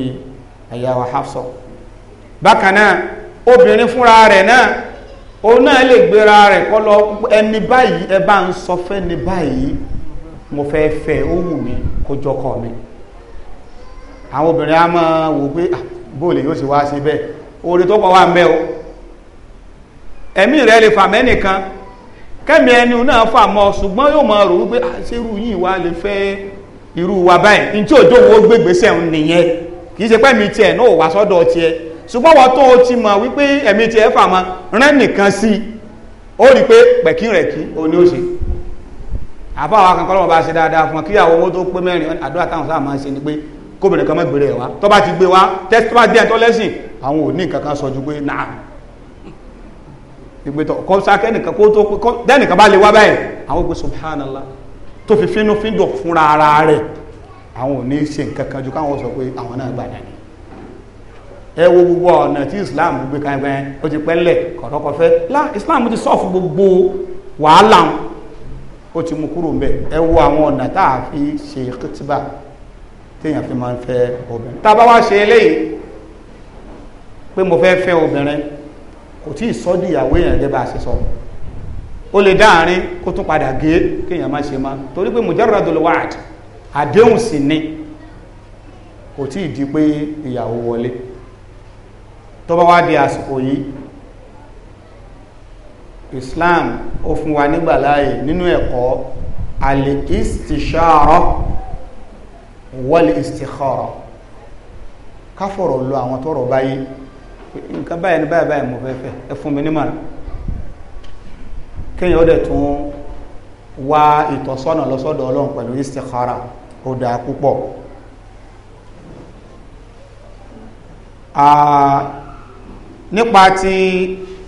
Speaker 1: ẹ̀yà wa Hafsa bakana obinrin obìnrin fúnra rẹ̀ náà náà lè gbéra rẹ̀ kọ́ lọ ẹni báyìí ẹ ń sọ báyìí mo fẹ́ fẹ́ ó wù kó mi àwọn obìnrin á máa wò pé bóòlù yóò sì wá sí bẹ́ẹ̀ orí tó o ẹ̀mí rẹ̀ lè fà mẹ́nìkan kẹ́mi ẹni náà fà mọ́ ṣùgbọ́n yóò máa rò wípé àṣírù yìí wá wa báyìí tí gbégbèsè nìyẹn kì í ṣe pẹ́mi tiẹ̀ náà wà sọ́dọ̀ tiẹ̀ ṣùgbọ́n wọ́n tó o ti mọ̀ wípé ẹ̀mí ti ẹ̀fà mọ́ rẹ́ nìkan sí i ó rí i pé pẹ̀kínrẹ̀kí o ní ó ṣe àbáwọn akẹ́kọ̀ọ́ lọ́wọ́ bá ṣe dáadáa fún kíyàwó owó tó pé mẹ́rin àdúrà táwọn sáà máa ń ṣe ni pé kóbìnrin kan mẹ́gbèrè ẹ̀ wá tó bá ti gbé wá tẹ́sí tó bá dé ẹ̀tọ́ lẹ́sìn àwọn ò ní nǹkan kan sọ ju pé náà ìgbẹ́tọ̀ kọ́ sákẹ́ nìkan kó tó kọ́ dẹ́nìkan bá lè wá báyìí àwọn ògbé subhanallah tó fi fínú fíndọ̀ fúnra ara rẹ̀ àwọn ò ní ṣe nǹkan kan ju káwọn sọ pé àwọn náà gbà dání ẹ wo gbogbo ọ̀nà tí islam gbé kankan ó ti pẹ́lẹ̀ kọ̀rọ̀kọ̀fẹ́ lá islam ti sọ́ọ̀fù gbogbo wàhálà ó ti mú kúrò mbẹ ẹ wo àwọn ọ̀nà tá a fi ṣe kìtìbà téèyàn fi máa ń fẹ́ obìnrin tá a bá wá ṣe eléyìí pé mo fẹ́ fẹ́ obìnrin kò tí ì sọ́dí ìyàwó èèyàn gẹ́gẹ́ bá a ṣe sọ ó lè dá àárín kó tún padà gé kéèyàn má ṣe má torí pé mujarradul wa'd àdéhùn sì ni kò tí ì di pé ìyàwó wọlé tó bá wá di àsìkò yìí Islam ó fún wa nígbà láàyè nínú ẹ̀kọ́ al-istishara wal-istikhara káfọ̀rọ̀ lọ àwọn tọrọ báyìí nǹkan báyìí ní báyìí báyìí mo fẹ́ fẹ́ ẹ fún mi nímọ̀ràn kéèyàn ó dẹ̀ tún wá ìtọ́sọ́nà lọ́sọ́dọ̀ ọlọ́run pẹ̀lú istikhara ó dáa púpọ̀ nípa ti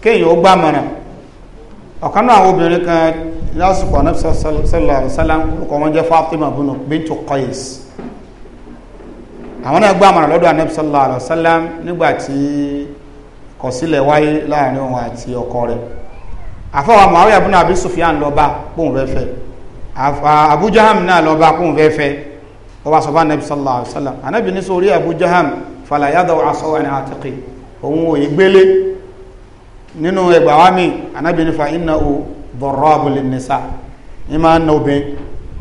Speaker 1: kéèyàn ó gbà mọ̀nà ọ̀kan náà àwọn obìnrin kan lásìkò anábì sallallahu alaihi wasallam orúkọ wọn jẹ́ Fatima bunu bintu Qais àwọn náà gbà mọ̀nà lọ́dọ̀ anábì sallallahu alaihi wasallam nígbà tí kọ̀sílẹ̀ wáyé láàrin òun àti ọkọ rẹ̀ àfọwọ́ Muawiya bunu Abi Sufyan lọ́ba kóun fẹ́ fẹ́ Abu Jaham náà lọ́ba kóun fẹ́ fẹ́ ọba sọ fún anábì sallallahu alaihi wasallam òun ò yí gbélé nínú ẹgbà wá mi iná o darrabu linnisa ní máa ń na obìnrin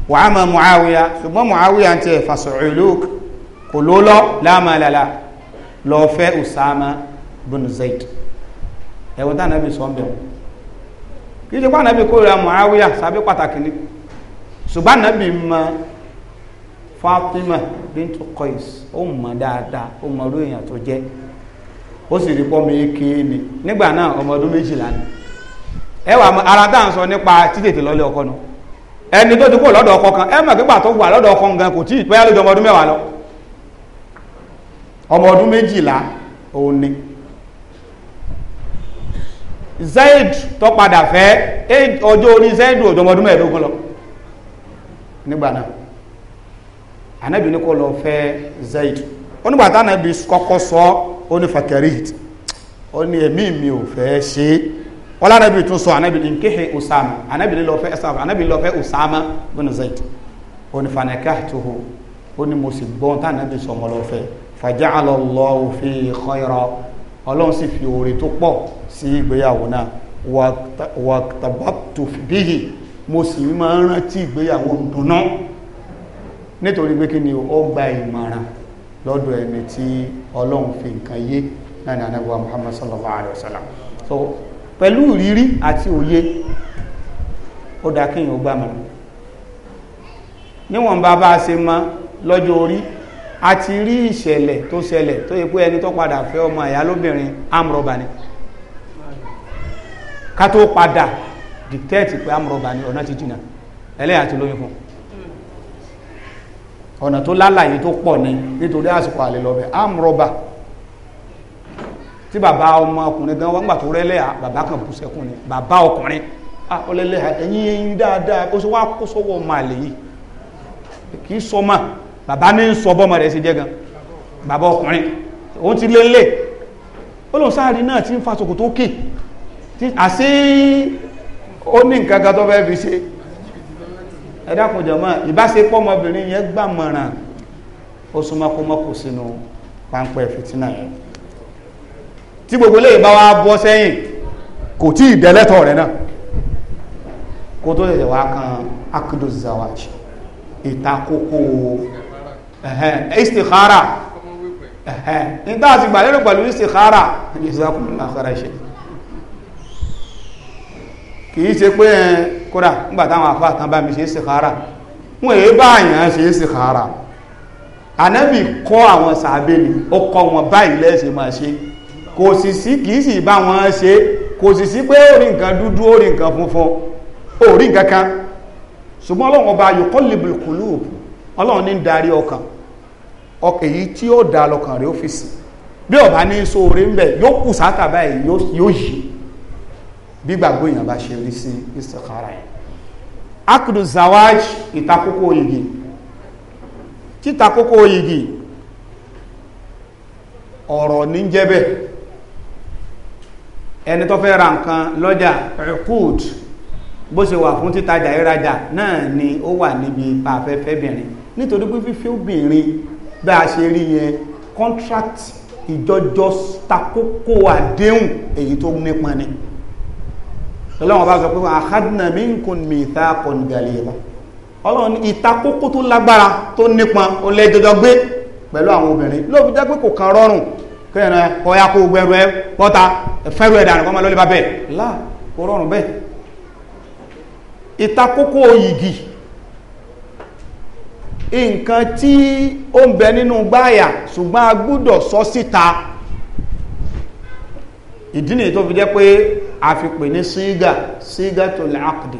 Speaker 1: wà á máa Muawiya ṣùgbọ́n Muawiya ń tiẹ̀ fas'uluk kò ló lọ lọ fẹ́ Usama bin Zaid ẹ̀wọ̀n tá anábì sọ ń bẹ̀rù kì ṣe pé anábì kórìíra Muawiya sábẹ́ pàtàkì ni ṣùgbọ́n anábì ma Fatima bintu Qais ó mọ̀ dáadáa ó mọ̀ ó sì rí ni nígbà náà ọmọ ni ẹ wà ara tá à ń sọ nípa títètè ọkọ nu ẹni tó ti kó lọ́dọ̀ ọkọ kan ẹ mọ̀ pípa tó wà lọ́dọ̀ ọkọ gan kò tí ì pẹ́ lójú ọmọ ọdún mẹ́wàá lọ ọmọ ọdún méjìlá òun ni tó padà fẹ́ ọjọ́ orí lọ nígbà náà Anabi lọ fẹ́ onígbà tá sọ ó ní fàkẹ̀rìt ó ní ẹ̀mí mi ò fẹ́ ṣe é wọ́n lárẹ́bí tún sọ anábìlì nkéhe usama anábìlì lọ fẹ́ ẹ̀sán anábìlì lọ fẹ́ usama bin zayd ó ní fanakahtuhu ó ní mo sì gbọ́n tá anábì sọ ọmọ lọ fẹ́ faja'ala Allahu fi khayra ọlọ́run sì fi oore tó pọ̀ sí ìgbéyàwó náà wàtàbàtò bíhì mo sì máa ń rántí ìgbéyàwó dùnú nítorí pé kí ni ó gba ìmọ̀ràn lọ́dọ̀ ẹni tí ọlọ́run fi nǹkan yé náà ní muhammad sallallahu Alaihi wasallam so pẹ̀lú ìrírí àti òye ó dá kí èèyàn gbà níwọ̀n bá bá ṣe lọ́jọ́ orí a ti rí ìṣẹ̀lẹ̀ tó ṣẹlẹ̀ tó yẹ pé ẹni tó padà fẹ́ ọmọ lóbìnrin ni ọ̀nà tó lálàyé tó pọ̀ ni nítorí àsìkò àlè lọ́bẹ̀ amrọ́bà tí bàbá ọmọ ọkùnrin gan wọ́n tó rẹ́lẹ̀ à bàbá kan bú sẹ́kùn ni bàbá ọkùnrin à ọlẹ́lẹ́ ẹ̀yìn ẹ̀yìn dáadáa ó sọ wá kó sọ́wọ́ ọmọ àlè yìí kì í sọ mà bàbá ní ń sọ bọ́mọ rẹ̀ sí jẹ́ gan bàbá ọkùnrin òun ti lé lé olùsáàrí náà ti ń fa sòkòtò kì àṣé ó ní nǹkan kan tó fẹ́ fi ṣe ẹ dákun jọmọ ìbáṣepọ̀ ọmọbìnrin yẹn gbàmọ̀ràn ó súnmọ́ kó mọ́kù sínú páńpẹ́ fìtínà yẹn tí gbogbo lè bá wa bọ́ sẹ́yìn kò tí ì dẹ́lẹ́tọ̀ rẹ̀ náà kó tó lè wá kan akidu zawaj ìtakókó istikhara nígbà tí gbàlérò pẹ̀lú istikhara ní ìsìlákùnrin náà kì í ṣe pé kódà nígbà táwọn àfáà kan bá mi ṣe istikhara wọn èé bá àyàn ṣe istikhara ànábì kọ́ àwọn sàbẹ̀ ni ó kọ́ wọn báyìí lẹ́sẹ̀ máa ṣe kò sì sí kìí sì bá wọn ṣe kò sì sí pé orí nǹkan dúdú orí nǹkan funfun orí nǹkan kan ṣùgbọ́n ọlọ́run ọba yuqallibul qulub ọlọ́run ní darí ọkàn ọkàn èyí tí ó dá lọ́kàn rẹ̀ ó fi sí bí ọba ní sóore ń bẹ̀ yóò kù sákà báyìí yóò yí bí gbàgbọ́ èèyàn bá ṣe rí sí istikhara yẹn akudu zawaj ìtakókò oyigi títakókò igi ọ̀rọ̀ ní jẹ́bẹ̀ ẹni tó fẹ́ ra nǹkan lọ́jà ẹ̀kúd bó ṣe wà fún títajà ìrajà náà ni ó wà níbi pàfẹ́fẹ́ bìnrin nítorí pé fífẹ́ obìnrin a ṣe rí yẹn contract ìjọjọ́ takókò àdéhùn èyí tó nípọn lọ́wọ́n bá sọ pé àhádìnà mi ń kun mi ìta kọ̀ǹdàlì ìlà ọlọ́run ní ìta kókó tó lágbára tó nípọn ó lẹ́ dọdọ gbé pẹ̀lú àwọn obìnrin ló fi jẹ́ pé kò kàn rọrùn kéèyàn náà ọ̀yà kó gbẹrù ẹ bọ́ta fẹ́rù ẹ̀ dànù kọ́ máa lọ́lẹ́ bá bẹ́ẹ̀ láà kó rọrùn bẹ́ẹ̀ ìta yìgì nǹkan tí ó ń bẹ nínú gbáyà ṣùgbọ́n a gbúdọ̀ sọ síta ìdí nìyí tó fi jẹ́ pé àfipè ní sígà sígà tó làákùdì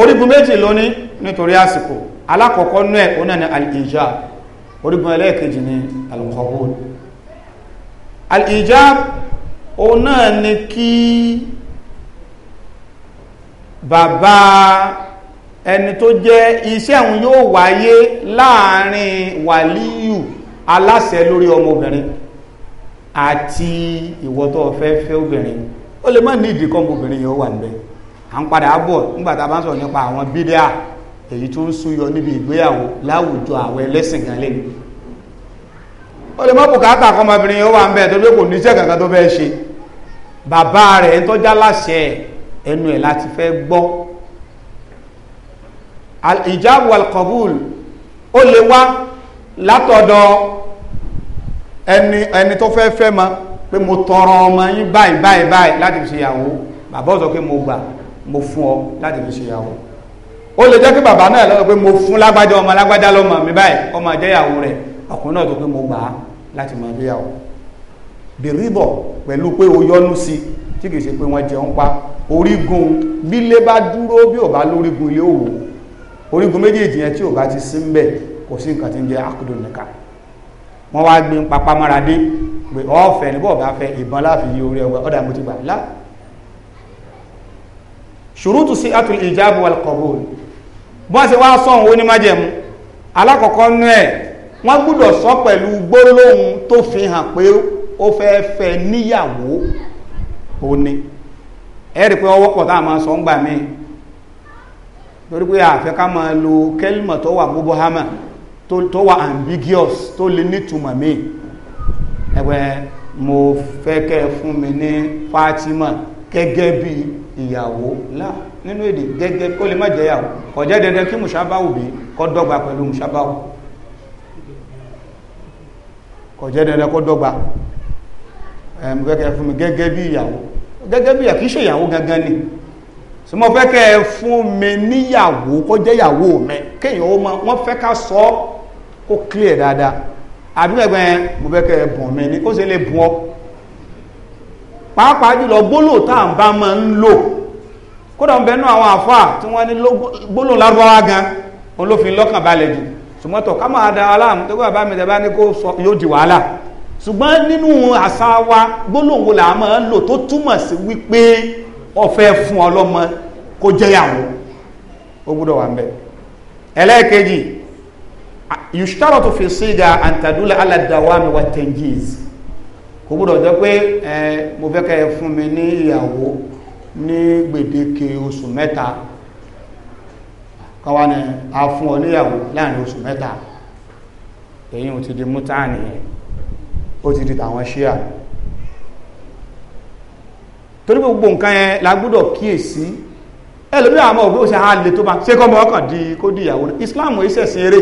Speaker 1: orígun méjì lónìí nítorí àsìkò alákọ̀ọ́kọ́ náà ẹ̀ òun náà ni alìjà orígun ẹlẹ́ẹ̀kejì ni alùkọ̀ọ́wọ́ alìjà òun náà ni kí bàbá ẹni tó jẹ́ iṣẹ́ òun yóò wáyé láàrin wàlíyù aláṣẹ lórí ọmọbìnrin àti ìwọ tó obìnrin ó lè má ní ìdí kọ́ obìnrin yóò wà níbẹ̀ à ń padà bọ̀ nígbà tá a bá ń sọ̀rọ̀ nípa àwọn bídíà èyí tó ń súyọ níbi ìgbéyàwó láwùjọ àwọn ẹlẹ́sìn kan lẹ́nu ó lè má bùkátà kọ́ ọmọbìnrin yóò wà níbẹ̀ tó lè kò ní iṣẹ́ kankan tó fẹ́ ṣe bàbá rẹ̀ ń tọ́já láṣẹ ẹnu ẹ̀ láti fẹ́ gbọ́ ìjáàbù alkọ̀bùl ó lè wá látọ̀dọ̀ ẹni tó fẹ́ fẹ́ máa pé mo tọrọ ọmọ yín báyìí báyìí báyìí láti fi ṣèyàwó bàbá ó sọ pé mo gbà mo fún ọ láti fi ṣèyàwó ó lè jẹ́ pé bàbá náà lọ́sọ pé mo fún lágbájá ọmọ lágbájá lọ́mọ mi báyìí ọmọ àjẹyàwó rẹ̀ ọkùnrin náà tó pé mo gbà á láti mọ ìgbéyàwó bèrìbọ̀ pẹ̀lú pé o yọnu sí tí kìí ṣe pé wọ́n jẹun pa orígun bílé bá dúró bí ò bá lórígun ilé òwò orígun méjèèjì yẹn tí ò bá ti sí ń bẹ̀ kò sí nǹkan tí ń jẹ́ akudu nìka wọ́n wá gbin papá máradé pé ọ̀fẹ́ ní bọ́ọ̀bá fẹ́ ìbọn láfi yí orí ọgbà ọ̀dà mọ́tí gbà lá ṣùrùtù sí atul ìjábù wal qabul bọ́n ṣe wá sọ́hun ó ní májẹ̀mú alákọ̀ọ́kọ́ nú ẹ̀ wọ́n gbúdọ̀ sọ pẹ̀lú gbólóhùn tó fi hàn pé ó fẹ́ fẹ́ níyàwó ó ní ẹ̀rí pé ọwọ́ pọ̀ tá a máa sọ ń gbà mí torí pé àfẹ́ ká máa lo kẹ́lìmọ̀ tó wà bóbó hama tó wà ambiguous tó lè nítumọ̀ míì ẹgbẹ́ mo fẹ́ kẹ́ fún mi ní Fatima gẹ́gẹ́ bí ìyàwó lá nínú èdè gẹ́gẹ́ kó lè má jẹ́ ìyàwó kò jẹ́ dandan kí mùsàbáwò bí kó dọ́gba pẹ̀lú mùsàbáwò kò jẹ́ dandan kó dọ́gba mo fẹ́ kẹ́ fún mi gẹ́gẹ́ bí ìyàwó gẹ́gẹ́ bí ìyàwó kì í ṣe ìyàwó gangan ni so mo fẹ́ kẹ́ fún mi níyàwó kó jẹ́ ìyàwó mi kéèyàn ó mọ wọ́n fẹ́ ká sọ kó clear dáadáa àdúgbò ẹgbẹ́ yẹn mo fẹ́ kẹ́ ẹ bùn mi ni ó ṣe lè bùn ọ pàápàá jùlọ gbólò tá à ń bá máa ń lò kódà ń bẹnu àwọn àfáà tí wọ́n ní gbólò lárúbáwá gan òun ló fi lọ́kàn balẹ̀ jù sùmọ́tọ̀ ká máa da aláàmú tó bá mi tẹ́bá ní kó sọ yóò di wàhálà ṣùgbọ́n nínú àṣà wa gbólóhùn là máa ń lò tó túmọ̀ sí wípé ọ̀fẹ́ fún ọlọ́mọ kó jẹ́yàwó ó gbúdọ̀ wà ń bẹ̀ ẹlẹ́ẹ̀kejì yushtaratu fi siga an tadula ala dawami wa tenjiz kò gbọ́dọ̀ jẹ́ pé mo fẹ́ kẹ́ ẹ fún mi ní ìyàwó ní gbèdéke oṣù mẹ́ta káwa ni a fún ọ níyàwó láàrin oṣù mẹ́ta èyí ò ti di mútà nìyẹn ó ti di tàwọn ṣíà torí gbogbo nǹkan yẹn la gbọ́dọ̀ kíyèsí ẹlòmíràn àmọ́ òbí ó ṣe àlè tó bá ṣe kọ́ mọ́ ọkàn di kó di ìyàwó islam ó ṣẹ̀sìn eré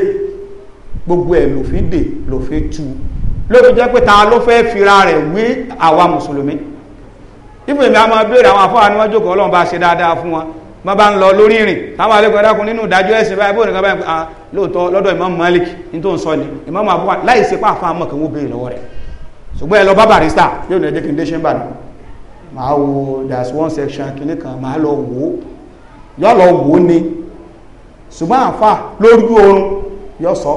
Speaker 1: gbogbo ẹ̀ lòfin dè lòfin tu ló fi jẹ́ pé ta ló fẹ́ fira rẹ̀ wé àwa mùsùlùmí ìfún èmi a máa béèrè àwọn afọ́ àníwájú jókòó ọlọ́run bá ṣe dáadáa fún wọn má bá ń lọ lórí ìrìn táwọn àlékún ẹ̀dákun nínú ìdájọ́ ẹ̀sìn báyìí bóyá báyìí ah lóòótọ́ lọ́dọ̀ Imam Malik ní tó ń sọ ni Imam Abu láì ṣe pé àfa àmọ̀ kí wọ́n béèrè lọ́wọ́ rẹ̀ ṣùgbọ́n ẹ lọ bá barista yóò ní ẹjẹ́ kí n dé ṣe ń bà nù máa wo there's one section kìíní kan máa lọ wò ó yọ lọ wò ó ni ṣùgbọ́n àfa lórí oorun yọ sọ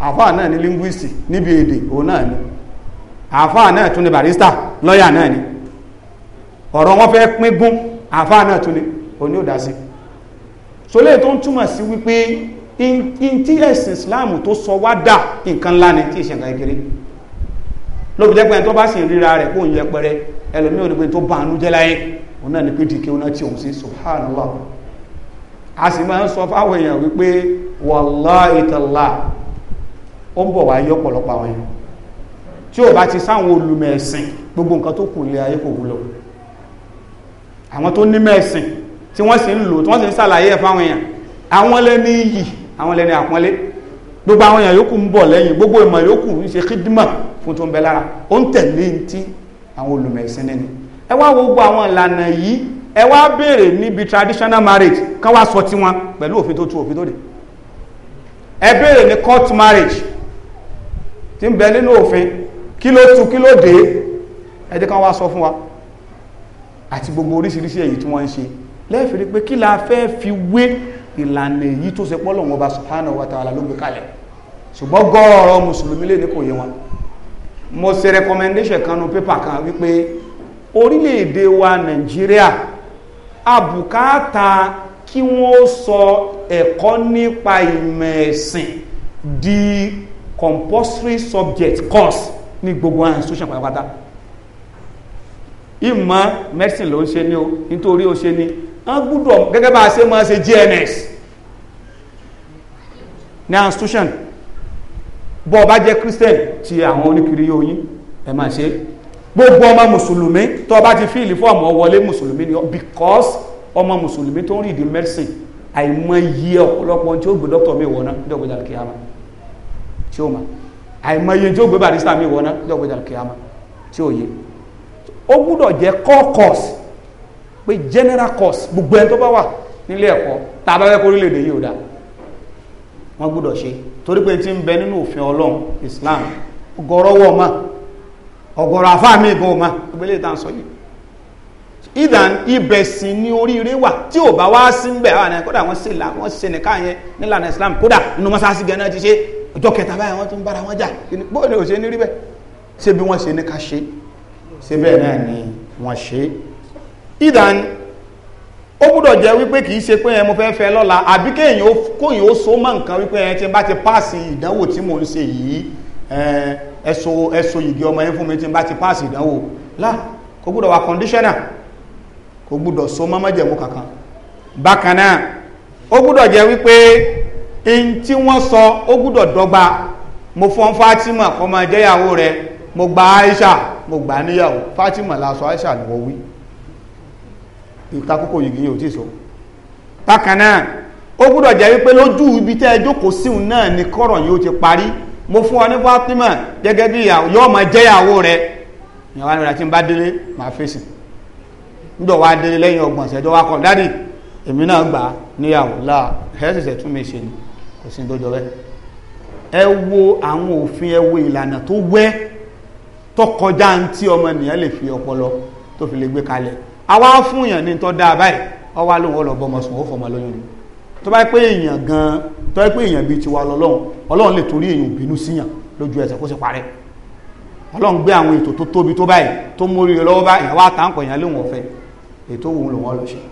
Speaker 1: àfáà náà ni linguist níbi èdè òun náà ni àfáà náà tún ni barista lọ́yà náà ni ọ̀rọ̀ wọn fẹ́ pín gún àfáà náà tún ni òun ni ó dá sí sólè tó ń túmọ̀ sí wípé in tí ẹ̀sìn Islam tó sọ wá dà nǹkan ńlá ni tí ìṣẹ̀ǹkà kékeré lóbi jẹ́ pé ẹni tó bá sì ń ríra rẹ̀ kó ń yẹpẹrẹ ẹlòmíì ò ní pé tó bá àánú jẹ́ láyé òun náà ni pé dìke òun náà tí òun sí subhanallah a sì máa ń sọ fáwọn èèyàn wípé wallahi taala ó ń bọ̀ wá yọ ọ̀pọ̀lọpọ̀ àwọn èèyàn tí ò bá ti sáwọn olùmọ̀ ẹ̀sìn gbogbo nǹkan tó kù ilé ayé kò wúlò àwọn tó ní mẹ́ẹ̀sìn tí wọ́n sì ń lò tí wọ́n sì ń ṣàlàyé ẹ̀ fáwọn èèyàn àwọn lẹ́ni iyì àwọn lẹ́ni àpọ́nlé gbogbo àwọn èèyàn yòókù ń bọ̀ lẹ́yìn gbogbo ìmọ̀ yòókù ń ṣe kídímà fún tó ń bẹ lára ó ń tẹ̀lé tí àwọn olùmọ̀ ẹ̀sìn ẹ wá gbogbo àwọn ìlànà yìí ẹ wá béèrè níbi traditional marriage kán wá sọ tiwọn pẹ̀lú òfin tó tu òfin tó dé ẹ béèrè ní court marriage tí ń bẹ nínú òfin kí ló tu kí ló dé ẹ jẹ́ kan wá sọ fún wa àti gbogbo oríṣiríṣi èyí tí wọ́n ń ṣe lẹ́ẹ̀fìrí pé kí la fẹ́ fi wé ìlànà èyí tó ṣe pọ́lọ̀wọ́n ọba subhanahu wa ta'ala ló gbé kalẹ̀ ṣùgbọ́n gọ́ọ̀rọ̀ mùsùlùmí lè ní kò yé wọn mo ṣe recommendation kan nu pépà kan wípé orílẹ̀-èdè wa nàìjíríà àbùkátà kí wọ́n sọ ẹ̀kọ́ nípa ìmọ̀ ẹ̀sìn di compulsory subject course ní gbogbo àwọn institution pátápátá ìmọ̀ medicine ló ń ṣe ní o nítorí ó ṣe ní wọ́n gbúdọ̀ gẹ́gẹ́ bá a ṣe máa ṣe GNS ní àwọn institution bọ́ ọba jẹ́ Christian ti àwọn oníkiri yóò yín ẹ máa ṣe gbogbo ọmọ mùsùlùmí tó ọba ti fíìlì fọ́ọ̀mù ọwọlé mùsùlùmí ni because ọmọ mùsùlùmí tó ń rìdí medicine àìmọye ọ̀pọ̀lọpọ̀ tí ó gbé dókítà mi wọ̀ náà dọ́gbẹ́dà kìí tí ó ma iye tí ó gbé barista mi wọ náà lọ́gbé dàlùkìyàmá tí ó yé ó gbúdọ̀ jẹ́ core course pé general course gbogbo ẹni tó bá wà nílé ẹ̀kọ́ tá a bá fẹ́ kó orílẹ̀-èdè yìí ò dáa wọ́n gbúdọ̀ ṣe torí pé ń bẹ nínú òfin ọlọ́run Islam wọ̀ ma mi gan ma ìta ń ọjọ́ kẹta báyìí wọ́n tún bára wọn jà bóòlù ò ṣe ní rí bẹ́ẹ̀ ṣé bí wọ́n ṣe ní ká ṣe ṣé bẹ́ẹ̀ náà ni wọ́n ṣe ìdán ó gbúdọ̀ jẹ́ wípé kìí ṣe pé ẹ mo fẹ́ fẹ́ lọ́la àbí kéèyàn kóyìn ó so mọ́ nǹkan wípé ẹ ti bá ti páàsì ìdánwò tí mò ń ṣe yìí ẹ̀sọ ẹ̀sọ yìí ọmọ yẹn fún mi tí bá ti páàsì ìdánwò lá kò gbúdọ̀ wà kọndíṣẹ́nà kò gbúdọ̀ so mọ́ mọ́jẹ̀mú kankan bákan náà ó gbúdọ̀ jẹ́ wípé in tí wọ́n sọ ó gbúdọ̀ dọ́gba mo fọ́n Fatima kó máa jẹ́yàwó rẹ̀ mo gba Aisha mo gbà níyàwó Fatima lásọ Aisha ni wọ́n wí ìtakókò yìí yóò tí so bákan náà ó gbúdọ̀ jẹ́ wípé lójú ibi tẹ́ ẹ jókòó síhun náà ni kọ́rọ̀ yóò ti parí mo fún ọ ní Fatima gẹ́gẹ́ bí ìyàwó yóò máa jẹ́yàwó rẹ̀ ìyàwó àti ìrìnàjò bá délé máa fèsì nígbà wá délé lẹ́yìn ọgbọ̀n ìṣẹ́jọ́ wá kọ̀ dádì èmi náà gbà níyàwó láà ẹ̀ tún mi ṣe ni kò sí dójọ bẹ́ẹ̀ ẹ wo àwọn òfin ẹ wo ìlànà tó wẹ́ tó kọjá ń tí ọmọ nìyẹn lè fi ọpọlọ tó fi lè gbé kalẹ̀ àwa fún èèyàn ní tó dáa báyìí ọwọ́ alóhùn ọlọ́bọ ọmọ sùn ó fọmọ lóyún ni tó bá pé èèyàn gan tó bá pé èèyàn bíi tiwa lọ́lọ́run ọlọ́run lè torí èèyàn bínú síyàn lójú ẹsẹ̀ kó sì parẹ́ ọlọ́run gbé àwọn ètò tó tóbi tó báyìí tó mórí lọ́wọ́ báyìí àwa àtàǹkọ̀ èèyàn léwọn ọ̀fẹ́ ètò òun lòun ọlọ́ṣẹ́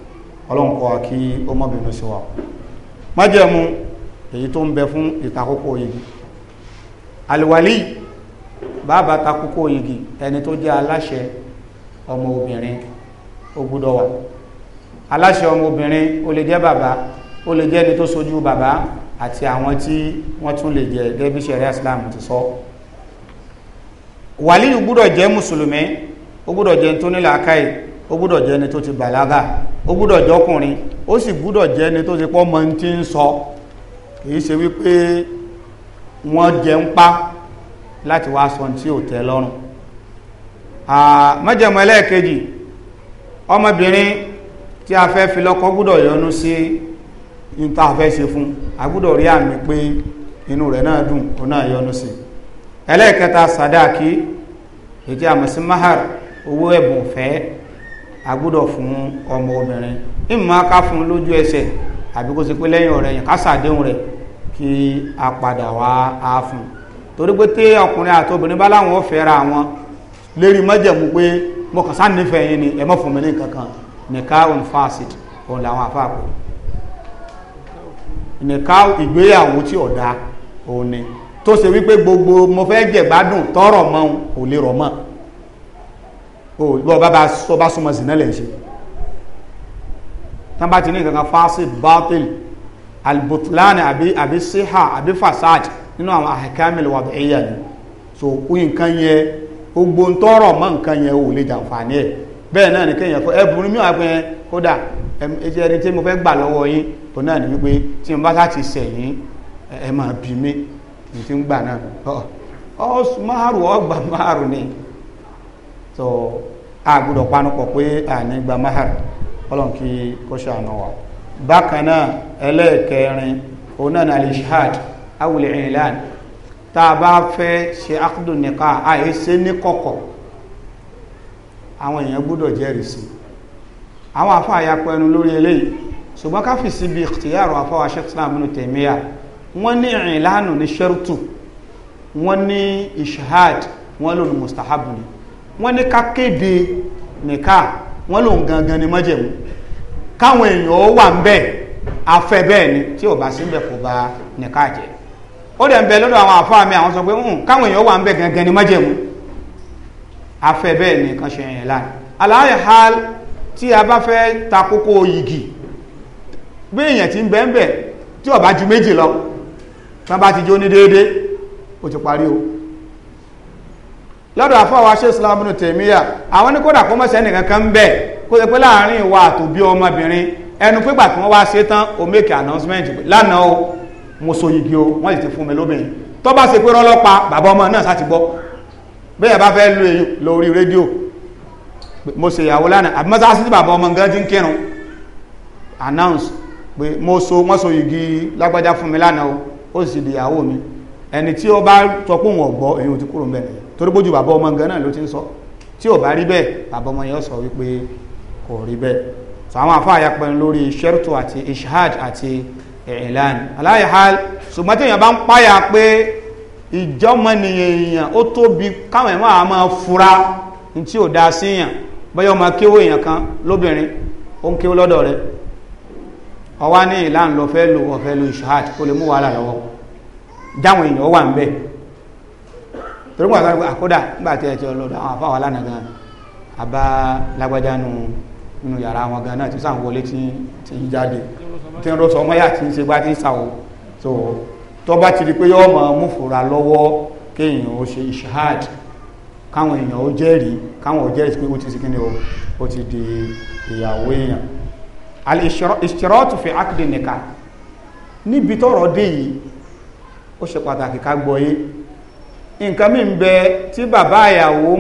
Speaker 1: kọ́ kí ó mọ́bìnrin sí wa májẹ̀mú èyí tó ń bẹ fún ìtakókò yìí alìwàlì bàbá takókò yìí ẹni tó jẹ́ aláṣẹ ọmọ obìnrin ó gbúdọ̀ wà aláṣẹ ọmọ obìnrin ó lè jẹ́ bàbá ó lè jẹ́ ẹni tó sojú bàbá àti àwọn tí wọ́n tún lè jẹ́ gẹ́gẹ́ bí islam ti sọ wàlí gbúdọ̀ jẹ́ mùsùlùmí ó gbúdọ̀ jẹ́ tó ní làákàyè ó gbúdọ̀ jẹ́ ẹni tó ti bàlágà ó gbúdọ̀ jọ́kùnrin ó sì gbúdọ̀ jẹ́ ẹni tó ti pọ́ mọ́ ti ń sọ kìí ṣe wípé wọ́n jẹ ń pa láti wá sọ tí ò tẹ́ lọ́rùn mọ́jẹ̀mọ́ ẹlẹ́ẹ̀kejì ọmọbìnrin tí a fẹ́ fi lọ́kọ gbúdọ̀ yọnu sí ní tá a fẹ́ ṣe fún a gbúdọ̀ rí àmì pé inú rẹ̀ náà dùn ó náà yọnu sí ẹlẹ́ẹ̀kẹta sàdáàkì èyí tí a mọ̀ sí mahar owó ẹ̀bùn fẹ́ a gbúdọ̀ fún ọmọ obìnrin ìmọ̀ ká fún lójú ẹsẹ̀ àbí kó ṣe pé lẹ́yìn ọ̀rẹ́yìn ká ṣàdéhùn rẹ̀ kí a padà wá á fún un torí pé tí ọkùnrin àti obìnrin bá láwọn ò fẹ́ra wọn lérí mọ́jẹ̀mú pé mo kàn sáà nífẹ̀ẹ́ yín ni ẹ mọ́ fún mi ní kankan nìkan fásit òun làwọn afáàpọ̀ nìkan ìgbéyàwó tí ọ̀dà òun ni tó ṣe wípé gbogbo mo fẹ́ jẹ̀gbádùn tọrọ mọ́ ò lè rọ̀ mọ́ o bọ bàbá sọ bá súnmọ́ sí náà lẹ ṣe tán bá ti ní kankan fásit bátìlì albutlani abi abi siha abi fasad nínú àwọn ahikamil wad'iyya ni so oyin nǹkan yẹn gbogbo ń tọrọ mọ nǹkan yẹn ò lè jàǹfààní ẹ bẹ́ẹ̀ náà ni kéèyàn fọ ẹbùn mi wà pé kódà ẹjẹ ẹni tí mo fẹ́ gbà lọ́wọ́ yín tó náà ni wípé tí mo bá sá ti sẹ̀yìn ẹ máa bí mi kì í ti ń gbà náà ọ máàrù ọgbà máàrù ni so a gbọ́dọ̀ panupọ̀ pé àní gba máàrù Ọlọ́run kí kó ṣe wa bákanáà ẹlẹ́ẹ̀kẹrin òun náà nàlẹ́ shahad awùlẹ̀ ìlàn tá a bá fẹ́ ṣe akudu nìka àìsí ní kọ̀kọ̀ àwọn èèyàn gbọ́dọ̀ jẹ́rìí sí àwọn àfáà ya pẹnu lórí eléyìí ṣùgbọ́n ká fi síbi ìtìyàrò àfáà sheikh islam ibn tèmíyà wọ́n ní ìlànà ní ṣẹ́rùtù wọ́n ní ishahad wọ́n lò ní mustahabu ni wọ́n ní ká kéde nìka wọ́n lò gangan ní májẹ̀mú káwọn èèyàn ó wà ń bẹ̀ afẹ́ bẹ́ẹ̀ ni tí ò bá sí ń bẹ̀ kó bá nìka jẹ́ ó dẹ̀ ń bẹ lọ́dọ̀ àwọn àfáà mi àwọn sọ pé hmm, káwọn èèyàn ó wà ń bẹ̀ gangan ni májẹ̀mú afẹ́ bẹ́ẹ̀ ni kan ṣe yẹn láàyè aláyẹ̀ hal tí a bá fẹ́ ta kókó yìgì bí èèyàn ti ń bẹ́ ń bẹ̀ tí ó bá ju méjì lọ tí wọ́n bá ti jó ní déédé ó ti parí o lọ́dọ̀ àfáà wa Islam nù tèmíyà àwọn ní kódà kó mọ̀ sẹ́nìkan kan ń bẹ́ẹ̀ kó ṣe pé láàrin ìwà àtòbí ọmọbìnrin ẹnu pípa tí wọ́n wá ṣe tán o make announcement lánàá o mo so yìgì o wọ́n sì ti fún mi lóbìnrin tó bá ṣe pé rọ́lọ́pàá bàbá ọmọ náà sá ti gbọ́ bẹ́ẹ̀ bá fẹ́ lo èyí lórí rédíò mo ṣe ìyàwó lánàá àbí mọ́sáàsì tí bàbá ọmọ nǹkan ti ń kírun announce pé mo so wọ́n so yìgì lágbájá fún mi lánàá o ó sì di ìyàwó mi ẹni tí ó bá sọ pé òun ọ̀gbọ́ èyí ò ti kúrò mẹ́rin torí bójú bàbá ọmọ nǹkan náà ló ti ń sọ tí ò bá rí bẹ́ẹ̀ bàbá ọmọ yẹn sọ wípé kò rí bẹ́ẹ̀ so àwọn àfáà ya pẹ̀lú lórí ati àti ati àti ìlànà aláìhal ṣùgbọ́n tí èèyàn bá ń páyà pé ìjọmọnìyàn èèyàn ó tóbi káwọn máa fura ní tí ò dáa sí èèyàn bóyá ọmọ kéwò èèyàn kan lóbìnrin ó ń kéwò lọ́dọ̀ rẹ̀ ọwá ní ìlànà lọ lo ọ̀fẹ́ lo ishad kó lè mú wàhálà lọ́wọ́ dáwọn èèyàn wà ń bẹ́ẹ̀ torí wọn àkọ́dà nígbà tí ẹ ti àwọn nínú yàrá wọn gan náà tí sàn wọlé tí ń jáde tí ń rọṣọ mọ́yà tí ń ṣe ń tó ti di pé mú fura lọ́wọ́ kéèyàn ó ṣe ishahad káwọn èèyàn ó jẹ́rìí káwọn ó jẹ́rìí pé ó ti sikini o ó ti di ìyàwó èèyàn al-ishtiratu fi aqdi nikah níbi tọ́rọ̀ dé yìí ó ṣe pàtàkì ká tí bàbá ìyàwó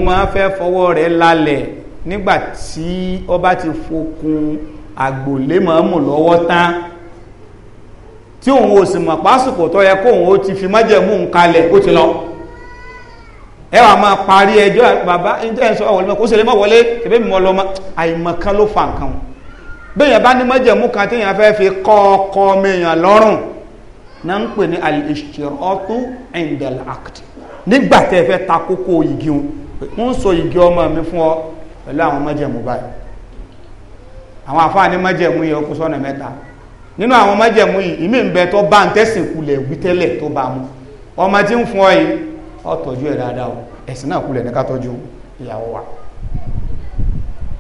Speaker 1: nígbà tí ó bá ti fokun àgbòlé mọ̀ọ́mù lọ́wọ́ tán tí òun ò sì mọ̀ pásìkò tó yẹ kóun ó ti fi májẹ̀mú ń kalẹ̀ ó ti lọ ẹ wà máa parí ẹjọ́ bàbá níjẹ́ ìṣọ́ wọlé kó sì lè mọ̀ wọlé tẹ̀bí mi mọ̀ lọ́mọ àìmọ̀kan ló fa nǹkan bẹ́ẹ̀yàn bá ní májẹ̀mú pẹ̀lú àwọn májẹ̀mú báyìí àwọn àfáàní májẹ̀mú yẹ kó sọ́nà mẹ́ta nínú àwọn májẹ̀mú yìí ìmí ń bẹ tó bá ń tẹ̀sìn kulẹ̀ wí tó bá mú ọmọ tí ń fún ọ yìí ọ tọ́jú ẹ̀ dáadáa o ẹ̀sìn náà kulẹ̀ ní ká ìyàwó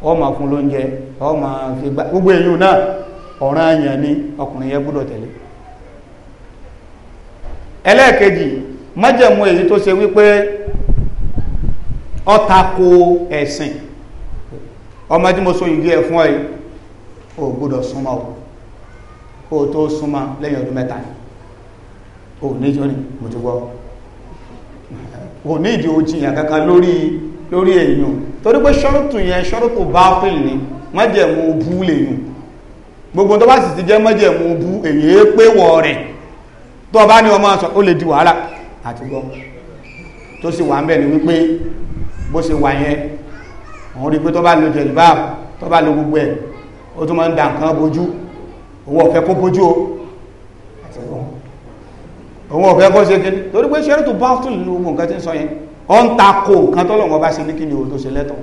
Speaker 1: wa fún lóúnjẹ ọmọ fi gbá gbogbo èyí náà ọ̀ràn àyàn ni ọkùnrin gbúdọ̀ tẹ̀lé ẹlẹ́ẹ̀kejì ọmọ tí mo so ìgbé ẹ̀ fún ọ yìí o gbọ́dọ̀ súnmọ́ o kó o tó súnmọ́ lẹ́yìn ọdún mẹ́ta o níjọ́ ni mo ti gbọ́ o ní ìdí o jiyàn kankan lórí lórí èèyàn torí pé ṣọ́rùtù yẹn ṣọ́rùtù báfìl ni májẹ̀mú bú lèyìn gbogbo tó bá sì ti jẹ́ májẹ̀mú bú èyí pé wọ̀ rẹ̀ tó bá ní ọmọ sọ ó lè di wàhálà àti gbọ́ tó sì wà ń bẹ̀ ni wípé bó ṣe wà yẹn òun rí pé tó bá lo jẹ̀lúbà tó bá lo gbogbo ẹ̀ ó tún máa ń da nǹkan bójú owó ọ̀fẹ́ kó bójú o òun ọ̀fẹ́ kó ṣe kíní torí pé ṣẹ́rẹ́ tó bá tún lù gbogbo nǹkan tí ń sọ yẹn ó ń ta ko nǹkan tọ́lọ́wọ́n bá ṣe ní kíni òun tó ṣe lẹ́tọ̀ọ́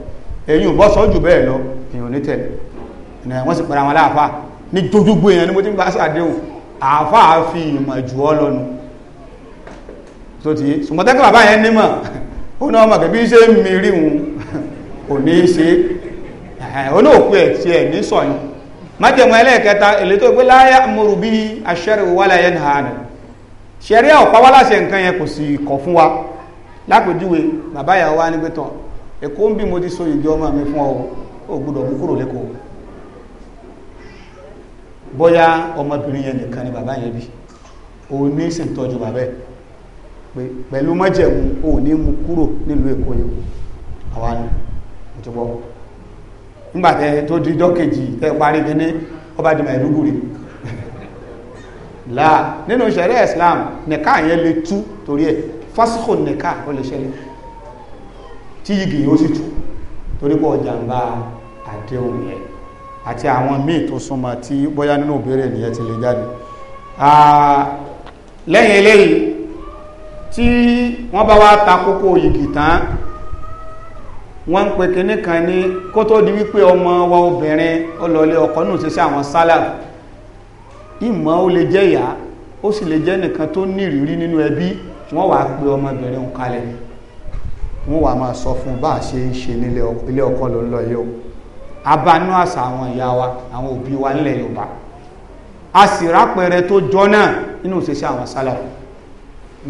Speaker 1: èyí ò bọ́ sọ jù bẹ́ẹ̀ lọ èyí ò ní tẹ̀lé ẹ̀nà wọ́n sì pẹ̀lú àwọn aláàfáà ní dojúgbò èèyàn ní mo ti ń bá ṣàdéhùn àáfáà fi ìmọ̀ jù ọ́ lọ́nu tó ti yé ṣùgbọ́n tẹ́kọ̀ bàbá yẹn nímọ̀ ó náà mọ̀ kẹ́bí ṣe ń mi rí òun kò ní í ṣe olóòkú ẹ̀ tí ẹ̀ ní sọ̀yún májẹ̀mú ẹlẹ́ẹ̀kẹta èlé tó gbé láyà múrù bí aṣẹ́rù wálẹ̀ yẹn hàn ní ṣẹ̀rí ọ̀pá wá láṣẹ nǹkan yẹn kò sì fún wa lápèjúwe bàbá tán èkó ń bí mo so ìdí ọmọ mi fún ọ ò mú kúrò bóyá ọmọbìnrin yẹn nìkan ni bàbá yẹn bí ní sì ń bàbá ó ti wọ́ nígbà tẹ tó di dọ́kejì tẹ parí kíní ó bá di Maiduguri láà nínú ìṣẹ̀lẹ̀ Islam nìka yẹn lè tú torí ẹ̀ fásikò nìka ó lè ṣẹlẹ̀ tí yìgì yóò sì tú torí pé ọjà ń bá àdéhùn yẹn àti àwọn míì tó súnmọ́ tí bóyá nínú ìbéèrè nìyẹn ti lè jáde lẹ́yìn eléyìí tí wọ́n bá wá ta kókó yìgì tán wọ́n ń pe kinní kan ní kó tó di wípé ọmọ wa obìnrin ó lọlé ọkọ nù sí sí àwọn sálàf ìmọ̀ ó lè jẹ́ ìyá ó sì lè jẹ́ nìkan tó ní ìrírí nínú ẹbí wọ́n wàá pe ọmọbìnrin òun kalẹ̀ wọ́n wàá máa sọ fún bá a ṣe ń ṣe nílé ọkọ ló ń lọ yìí o abanú àṣà àwọn ìyá wa àwọn òbí wa nílẹ̀ Yorùbá a sì rápẹrẹ tó jọ náà nínú òṣìṣẹ́ àwọn sálàf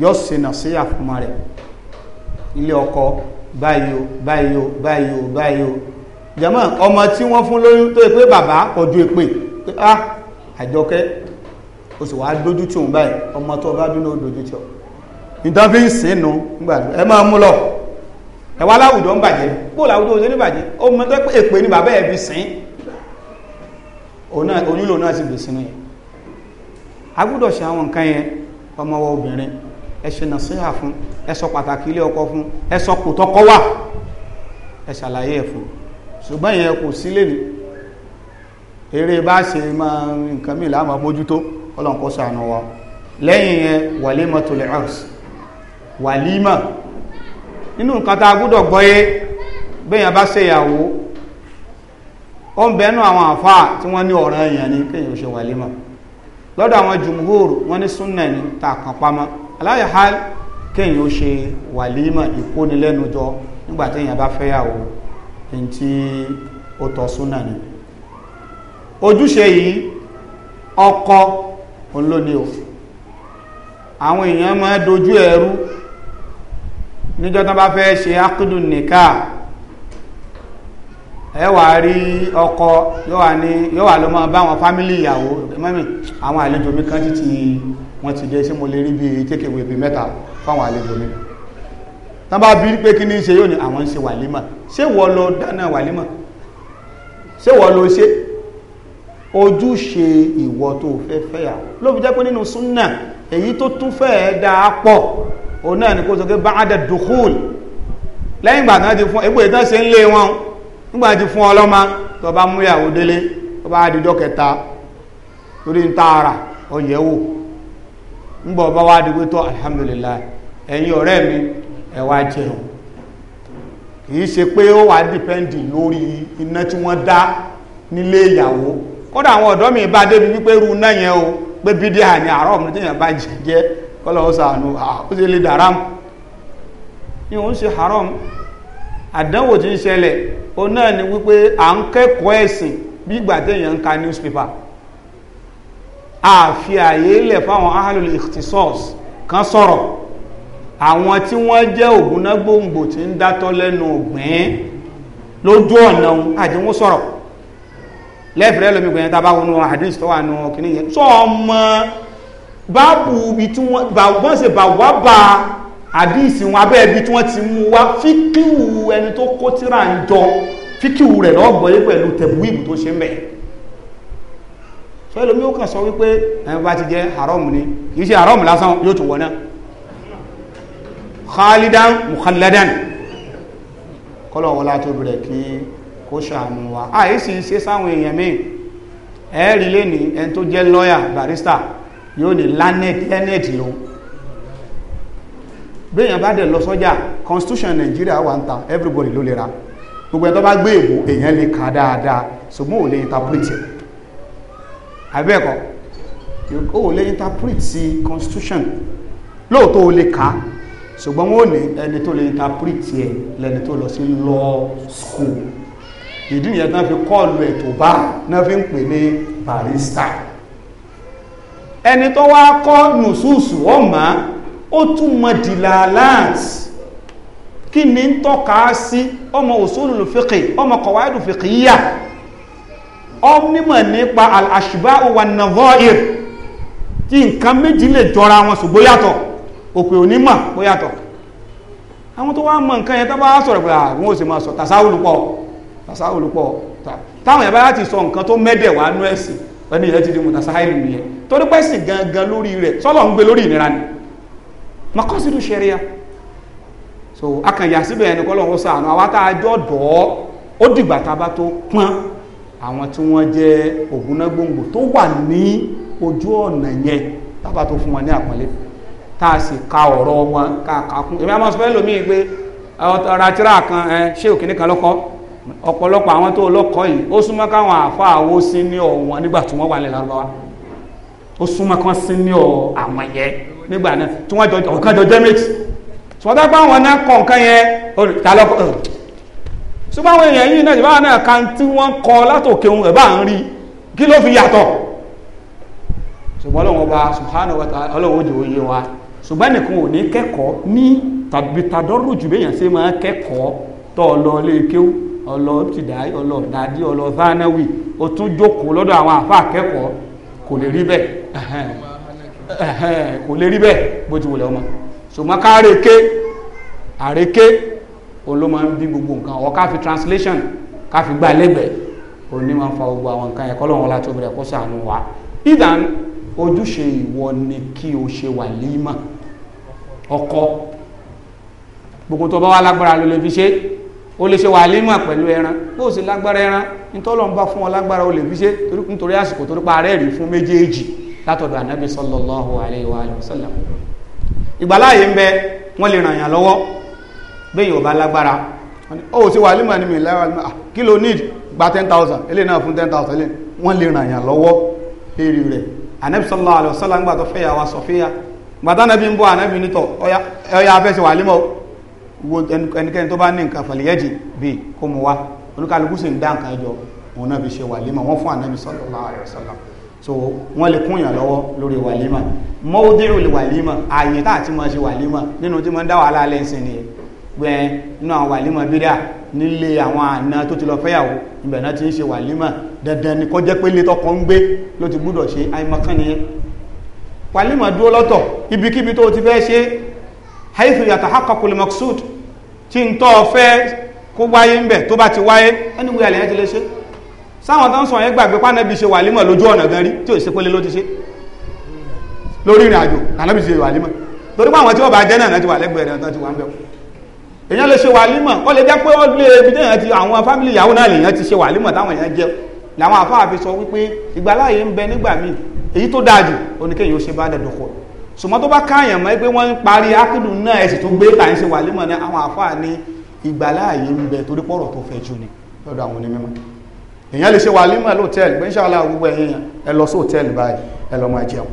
Speaker 1: yọ sí nàṣíyà fún ọmọ rẹ̀ ilé ọkọ báyìí o báyìí o báyìí o báyìí o jàmá ọmọ tí wọ́n fún lóyún tó yẹ pé bàbá kọjú èpè pé á ah, àjọkẹ́ o sì wá dójú tí òun báyìí ọmọ tó bá bínú dojú tí ọ nǹkan fi ń é nu nígbà tó ẹ máa mú lọ ẹ wá láwùjọ ń bàjẹ́ bó láwùjọ òṣèlú bàjẹ́ ó mọ tó pé èpè ni bàbá ẹ̀ fi sìn onílò náà sì gbèsè nìyẹn a gbọ́dọ̀ ṣe àwọn nǹkan yẹn ọmọ wa obìnrin ẹ ṣe nàṣíhà fún ẹ sọ pàtàkì ilé ọkọ fún ẹ sọ kò tọkọ wà ẹ ṣàlàyé ẹ fún ṣùgbọ́n ìyẹn kò sí lè ní eré bá ṣe máa nǹkan mìíràn àmọ́ mójútó ọlọ́run kó ṣàánú wa lẹ́yìn yẹn wàlímọ̀ tó lè ọ̀s wàlímọ̀ nínú nǹkan tá a gbọ́dọ̀ gbọ́yé bẹ́yàn bá ṣe ìyàwó ó ń bẹnu àwọn àfáà tí wọ́n ní ọ̀ràn èèyàn ni kéèyàn ṣe wàlímọ̀ lọ́dọ̀ àwọn jùmùhóòrò wọ́n ní súnnà ní ta kan pamọ́ aláyà ha kéèyàn ó ṣe wàlímà ìkónilẹ́nujọ nígbà téèyàn bá fẹ́yàwó ẹni tí ó tọ́ súnà ni ojúṣe yìí ọkọ olóni o àwọn èèyàn mọ́ dojú ẹrú níjọ́ tán bá fẹ́ ṣe ákúdù ọkọ yóò wà fámílì ìyàwó mọ́mí àwọn wọ́n ti dé ṣé mo lè rí bí tékèwé bíi mẹ́ta fáwọn àlejò mi tán bá bí pé kí ní ṣe yóò ní àwọn ń ṣe wàlímà ṣé wọ́n lọ dáná wàlímà ṣé wọ́n lọ ṣe ojúṣe ìwọ tó fẹ́ fẹ́yàwó ló fi jẹ́ pé nínú súnnà èyí tó tún fẹ́ dáa pọ̀ òun náà ni kó sọ pé ba'da dukhul lẹ́yìn ìgbà tán ti fún egbò ìtàn ṣe ń lé wọn nígbà tí fún ọlọ́mọ tó bá mú délé tó bá dijọ́ kẹta torí ń tààrà ọ̀yẹ́wò ńgbọ̀ bá wá dìgbò tó alhamdulillah ẹ̀yin ọ̀rẹ́ mi ẹ wá jẹun kìí ṣe pé ó wà dìpẹ́ndì lórí iná tí wọ́n dá nílé ìyàwó kódà àwọn ọ̀dọ́ mi bá débi wípé irú náà yẹn o pé bídí àní àárọ̀ ọmọdé yẹn bá jẹ jẹ kọ́lọ̀ ó sàánú haram àdánwò ń ṣẹlẹ̀ náà ni wípé à ń kẹ́kọ̀ọ́ ẹ̀sìn àfi àyè lẹ̀ fáwọn ahlul ikhtisas kan sọ̀rọ̀ àwọn tí wọ́n jẹ́ ògúnnágbòǹgbò tí ń dátọ́ lẹ́nu ògbìn lójú ọ̀nà àjẹwọ́n sọ̀rọ̀ lẹ́fẹ̀rẹ́ lómi gbẹ̀yẹn tá a bá wọnú àdínsì tó wà nù kìíní yẹn tó ọmọ báàbù ibi tí wọ́n wọ́n ṣe bàwá bá àdínsì wọn abẹ́ ibi tí wọ́n ti mú wá fíkìwù ẹni tó kó tíra ń jọ fíkìwù rẹ̀ lọ́gbọ̀ọ́yé pẹ̀lú tẹ̀bú ìbù tó ṣe ń bẹ̀yẹn sọ ẹlòmíì ó kàn sọ wípé ẹ bá ti jẹ haram ni kì í ṣe haram lásán yóò tún wọ náà khalidan mukhalladan kọ́lọ̀ wọlá tó bẹ̀rẹ̀ kí kó ṣàánú wa àyè sì ń ṣe sáwọn èèyàn míì ẹ̀ẹ́rì lè ní ẹni tó jẹ́ lọ́yà barista yóò ní lánẹ́ẹ̀tì ló béèyàn bá dẹ̀ lọ sọ́jà constitution Nigeria wà ń ta everybody ló lè ra gbogbo ẹni tó bá gbé èbò èèyàn lè kà dáadáa ṣùgbọ́n ò lè interpret it àbẹ́ẹ̀kọ́ o ò lè interpret sí constitution lóòótọ́ o lè kà á ṣùgbọ́n wọ́n ní ẹni tó lè interpret yẹ lẹni tó lọ sí law school ìdí nìyẹn tí wọ́n fi kọ́ọ̀lù ẹ̀ tó bá náà fi ń pè ní barrister ẹni tó wá kọ́ nùsùsù ọ̀mà ó tún mọ dilalat kí ni ń tọ́ka sí ọmọ usulul fiqh ọmọ qawaidul fiqhiyya ọmọnìmọ̀ nípa al-ashba'u wan-nadha'ir tí nǹkan méjì lè jọra wọn ṣùgbọ́n yàtọ̀ òpè onímọ̀ ó yàtọ̀ àwọn tó wá mọ̀ nǹkan yẹn tó bá sọ̀rọ̀ pé àwọn ah, ò sì máa sọ tàṣáwùlù pọ̀ tàṣáwùlù pọ̀ táwọn yẹn bá láti sọ nǹkan tó mẹ́dẹ̀ wá nú ẹ̀sìn ẹni ìyẹn ti di mùtàṣáìlì nìyẹn torí pé ẹ̀sìn gangan lórí rẹ̀ sọ́lọ̀ ń gbé lórí ìnira ni makọ́sídù ṣẹ̀ríà so akànyà síbẹ̀ ẹni kọ́lọ́run ó sàánú àwa tá a jọ dọ̀ ọ́ ó dìgbà tá a bá tó pọ́n àwọn tí wọ́n jẹ́ ògúnná gbòǹgbò tó wà ní ojú ọ̀nà yẹn tábà tó fún wọn ní àpọ́nlé tá a sì ka ọ̀rọ̀ wọn ká kà kún èmi àmọ́ sọfẹ́ lómi pé ọ̀rọ̀ àtìrà kan ẹ ṣé òkè nìkan lọ́kọ́ ọ̀pọ̀lọpọ̀ àwọn tó lọ́kọ́ yìí ó súnmọ́ káwọn àfa àwo sí ní ọ̀wọ́n nígbà tí wọ́n wà ní Lárúbáwá ó súnmọ́ kan sí ní àwọn yẹn nígbà náà tí wọ́n jọ ọ̀kan jọ ṣùgbọ́n àwọn èèyàn yìí náà ìbáwọn náà kan tí wọ́n kọ látòkè ohun ẹ̀bá ń rí kí ló fi yàtọ̀ ṣùgbọ́n ọlọ́run ọba subhanahu wa ta'ala ọlọ́run òjò oyè wa ṣùgbọ́n nìkan ò ní kẹ́kọ̀ọ́ ní tàbí tàdọ́rù jù béèyàn ṣe máa kẹ́kọ̀ọ́ tọ́ ọ lọ ilé kéwú ọlọ tìdá ọlọ dàdí ọlọ zánáwì ó tún jókòó lọ́dọ̀ àwọn àfa akẹ́kọ̀ọ́ kò lè rí bẹ́ẹ̀ kò lè rí bẹ́ẹ̀ òun ló máa ń bí gbogbo nǹkan ọ̀ ka fi translation ka fi gbà lẹ́gbẹ̀ẹ́ òun máa ń fa gbogbo àwọn nǹkan yẹn kọ́lọ́wọ́n láti obìnrin kó sànù wa ìdán ojúṣe ìwọ ni kí o ṣe wàlímà ọkọ gbogbo tó bá wà lágbára ló lè fi ṣe o lè ṣe wàlímà pẹ̀lú ẹran bó o sì lágbára ẹran nítọ́lọ́ bá fún ọ lágbára o lè fi ṣe nítorí àsìkò pa arẹ́rìí fún méjèèjì wa bẹ́yìn ọba lágbára ó sì wà límọ̀ ní mi lára ah, kí ló need gba ten thousand eléyìí náà fún ten thousand eléyìí wọ́n lè ràn yàn lọ́wọ́ lérí rẹ̀ anabi sallallahu wa sallam ń gbà tó fẹ́yà wa sọ̀fẹ́yà gbàtà nàbí ń bọ́ anabi nítọ̀ ọya afẹ́sẹ̀ wà límọ̀ wo ẹnikẹ́ni tó bá ní nǹkan fàlẹ́yẹ́jì bíi kó mu wá oníkàlùkù sì ń dá nǹkan jọ òun náà fi ṣe wàlímà wọ́n fún ànábi sallallahu so wọ́n lè kúnyàn lọ́wọ́ lórí wàlímà mọ́ọ́dẹ́rù wàlímà ààyè tá àti máa ṣe wàlímà nínú tí máa ń dá wàhálà lẹ́sìn nìyẹn gbẹ̀ẹ́ inú àwọn wàlímọ̀ bídà nílé àwọn àna tó ti lọ fẹ́yàwó ibẹ̀ náà ti ń ṣe wàlímọ̀ dandan ni kó jẹ́ pé ilé tọkọ ń gbé ló ti gbúdọ̀ ṣe àìmọ̀kan nìyẹn wàlímọ̀ dúró lọ́tọ̀ ibikíbi tó ti fẹ́ ṣe haythu yatahaqqaqul maqsud tí ń tọ́ fẹ́ kó wáyé ń bẹ̀ tó bá ti wáyé ẹni wíyà lẹ́yìn ti lè ṣe sáwọn tó ń sọ yẹn gbàgbé pánẹ́bí ṣe wàlímọ̀ lójú ọ̀nà gan rí tí ò ṣe pélé ló ti ṣe lórí ìrìn àjò ànábì ṣe wàlímọ̀ torí pé àwọn tí wọ́n bá jẹ́ náà náà ti wà lẹ́gbẹ̀ẹ́ rẹ̀ náà ti wà ń bẹ̀kù èyàn lè ṣe wàlímọ̀ wọ́n lè jẹ́ pé wọ́n lé ibi téèyàn ti àwọn fámìlì ìyàwó náà lèyàn ti ṣe wàlímọ̀ táwọn èèyàn jẹ làwọn àfáà fi sọ wípé ìgbàláyé ń bẹ nígbà míì èyí tó dáa jù oníkéyìn ó ṣe bá dẹ̀dọ̀kọ̀ ṣùgbọ́n tó bá káàyàn mọ́ pé wọ́n ń parí ákìlù náà ẹ̀sìn tó gbé tà ń ṣe wàlímọ̀ náà àwọn àfáà ní ìgbàláyé ń bẹ torí pọ̀rọ̀ tó fẹ́ jù ni lọ́dọ̀ àwọn onímọ̀ èyàn lè ṣe wàlímọ̀ lóòtẹ́ẹ̀lì pé inshallah gbogbo ẹ̀yìn ẹ lọ sí òtẹ́ẹ̀lì báyìí ẹ lọ máa jẹun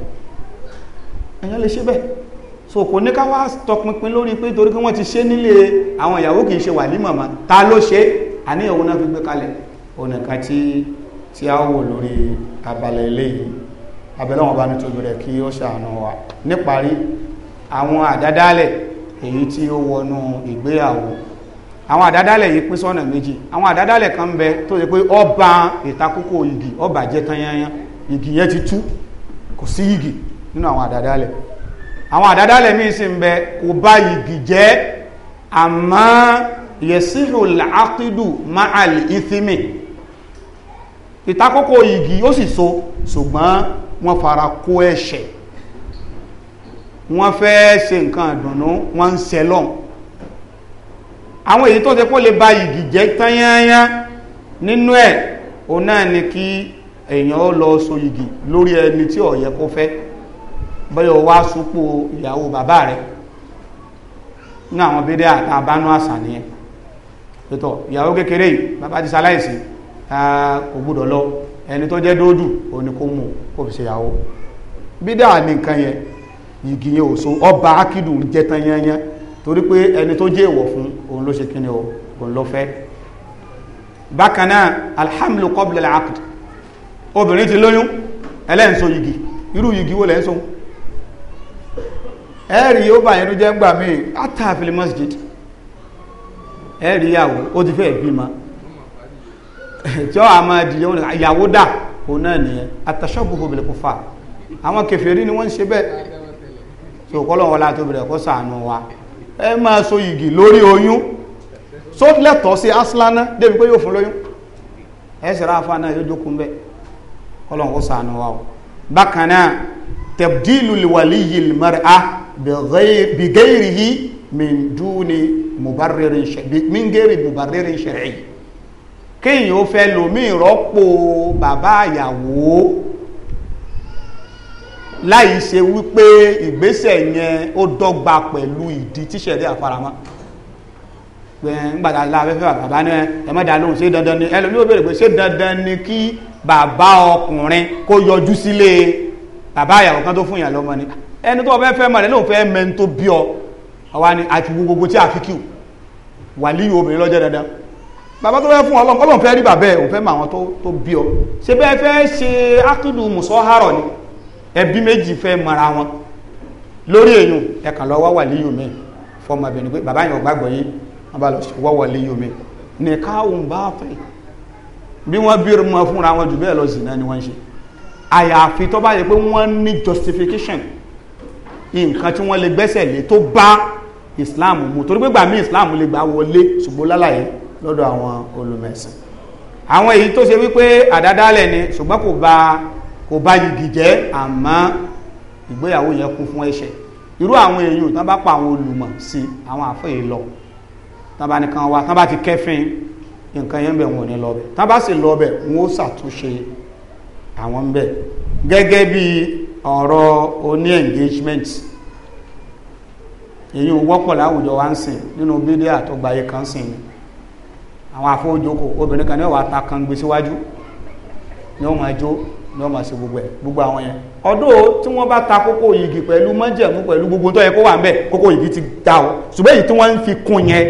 Speaker 1: so kò ní ká wá tọpinpin lórí pé torí pé wọ́n ti ṣe nílé àwọn ìyàwó kì í ṣe wàlímà mọ́ ta ló ṣe àníyàn wọn náà fi gbé kalẹ̀ ọ̀nà kan tí tí a wò lórí abalẹ̀ eléyìí abẹ́lẹ́ wọn bá ní tóbi rẹ̀ kí ó ṣàánú wa níparí àwọn àdádálẹ̀ èyí tí ó wọnú ìgbéyàwó àwọn àdádálẹ̀ yìí pín sọ́nà méjì àwọn àdádálẹ̀ kan ń bẹ tó ṣe pé ọba ìtakókò igi ọba jẹ́ tanyanya igi yẹn ti tú kò sí igi nínú àwọn àdádálẹ̀ àwọn àdádálẹ̀ míì sì ń bẹ kò bá yìgì jẹ́ àmọ́ yẹ̀síhù làákìdù máàl ìfimi ìtakókò yìgì ó sì so ṣùgbọ́n wọ́n fara kó ẹ̀ṣẹ̀ wọ́n fẹ́ ṣe nǹkan àdùnnú wọ́n ń sẹlọ́n àwọn èyí tó ṣe kó lè ba yìgì jẹ́ tányányán nínú ẹ̀ òun náà ni kí èèyàn ó lọ so yìgì lórí ẹni tí ó kó fẹ́ bọ́yọ̀ wá súpò ìyàwó bàbá rẹ̀ ní àwọn bídẹ́ àtà àbánú àṣà nìyẹn pẹ̀tọ̀ ìyàwó kékeré yìí bàbá ti ṣaláìsí kò gbúdọ̀ lọ ẹni tó jẹ́ dóòdù òun ni kò mú kò fi ṣe ìyàwó bídẹ́ àní nǹkan yẹn yìgì yẹn ò so ọba akídùn jẹ́ tán yẹnyẹn torí pé ẹni tó jẹ́ èèwọ̀ fún òun ló ṣe kíni o òun ló fẹ́ bákan náà alhamdu qabla al obìnrin ti lóyún ẹlẹ́ǹso yìgì irú yìgì wo lẹ́ǹso ẹ̀rí ó bàyẹ̀ ló jẹ́ ń gbà míì fili masjid ẹ̀rí ìyàwó ó ti fẹ́ bímọ tí ó àmà ìdíyàwó ìyàwó dà ó náà nìyẹn àtàṣọ́bùkù bìlẹ̀ kò fà àwọn ni wọ́n ń ṣe bẹ́ẹ̀ tí kọ́lọ̀ wọlá tó bìlẹ̀ E ma wa ẹ máa so lórí oyún só lẹ́tọ̀ọ́ sí aslana débi pé yóò fún lóyún ẹ sì afa náà yóò jókòó kọ́lọ̀ wa o bákan náà بغيره من دون مبرر shar'i min gairi mubaririn shar'i kéèyàn ó fẹ́ lomi ìrọ́pò bàbá àyàwó láì ṣe wípé ìgbésẹ̀ yẹn ó dọ́gba pẹ̀lú ìdí tíṣẹ̀rí àfaramọ́ gbẹ̀ngbàdà láàfẹ́fẹ́ bàbá ní ẹ̀mọ́dà lóhùn ṣé dandan ni ẹlòmí ó bèèrè pé ṣé dandan ni kí bàbá ọkùnrin kó yọjú sílé bàbá àyàwó kan tó fún yàn lọ́mọ ni ẹni tó ọbẹ̀ fẹ́ mọ̀ rẹ̀ lóun fẹ́ mẹ́ tó bí ọ àwa ni àti gbogbo tí a fi kí o wà líyìí obìnrin lọ́jọ́ dandan bàbá tó fẹ́ fún ọlọ́run ọlọ́run fẹ́ rí bàbá ẹ̀ òun fẹ́ àwọn tó bí ọ ṣe bẹ́ẹ̀ fẹ́ ṣe ákìdù mùsọ́hárọ̀ ni ẹbí méjì fẹ́ mara wọn lórí èèyàn ẹ̀kàn lọ́wọ́ wà líyìí omi fọmọbìnrin pé bàbá yẹn ò gbàgbọ́ yìí wọ́n bá lọ wọ́wọ́ líyìí omi nìka ni wọ́n ṣe àyàfi tó bá yẹ justification nǹkan tí wọ́n lè gbẹ́sẹ̀ lé tó bá islam mu torí pé gbà mí islam lè gbà wọlé ṣùgbọ́n lálàyé lọ́dọ̀ àwọn olùmẹ̀sìn àwọn èyí tó ṣe wípé àdádálẹ̀ ni ṣùgbọ́n kò bá kò bá yìgì jẹ́ àmọ́ ìgbéyàwó yẹn kún fún ẹ̀ṣẹ̀ irú àwọn èèyàn tán bá pa àwọn olùmọ̀ sí àwọn àfẹ́yè lọ tán bá nìkan wa tán bá ti kẹ́fín nǹkan yẹn bẹ̀ wọn ní lọ bẹ̀ tán bá sì lọ bẹ̀ wọn ó ṣàtúnṣe àwọn bẹ̀ gẹ́gẹ́ bíi ọ̀rọ̀ oní engagement èyí ò wọ́pọ̀ láwùjọ wa ń sìn nínú bídíà tó gbayé kan sìn ni àwọn afọ́joko obìnrin kan ní ọ̀wà ta kan gbé síwájú ni ó máa jó ni ó máa ṣe gbogbo ẹ̀ gbogbo àwọn yẹn ọdún tí wọ́n bá ta kókó yìgì pẹ̀lú májẹ̀mú pẹ̀lú gbogbo tó yẹ kó wà ń bẹ̀ kókó yìgì ti dá o ṣùgbọ́n èyí tí wọ́n ń fi kún yẹn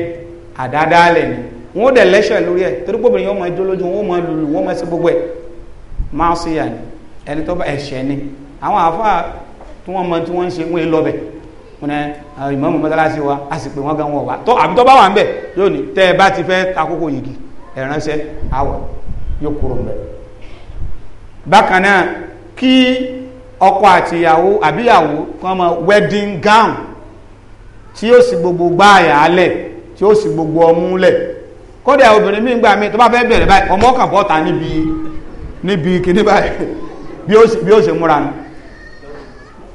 Speaker 1: àdáadáalẹ̀ ni wọ́n dẹ̀ lẹ́ṣẹ̀ lórí ẹ̀ torí gbogbo yẹn ó máa lójú wọ́n máa lùlù wọ́n máa ṣe gbogbo ẹ̀ máa ṣe yà ni ẹni tó bá ẹ̀ṣẹ̀ ni àwọn àfáà tí wọ́n mọ tí wọ́n ń ṣe wọ́n lọ́bẹ̀ wọn ah, ìmọ̀mù mọ́sálásí wa a sì pé wọ́n gan wọn wá tó àbí tó bá wà ń bẹ̀ lónìí tẹ́ ẹ bá ti fẹ́ takókò yìí ẹ̀ránṣẹ́ àwọ̀ yóò kúrò ń bẹ̀. bákan náà kí ọkọ àti ìyàwó àbíyàwó kan mọ wedding gown tí yóò sì gbogbo gbáàyà alẹ̀ tí yóò sì gbogbo ọmú lẹ̀ kódà obìnrin mi gbà mí tó bá fẹ́ bẹ̀rẹ̀ báyìí ọmọ kan bọ́ta níbi níbi kíní báyìí <laughs> bí ó ṣe múra nù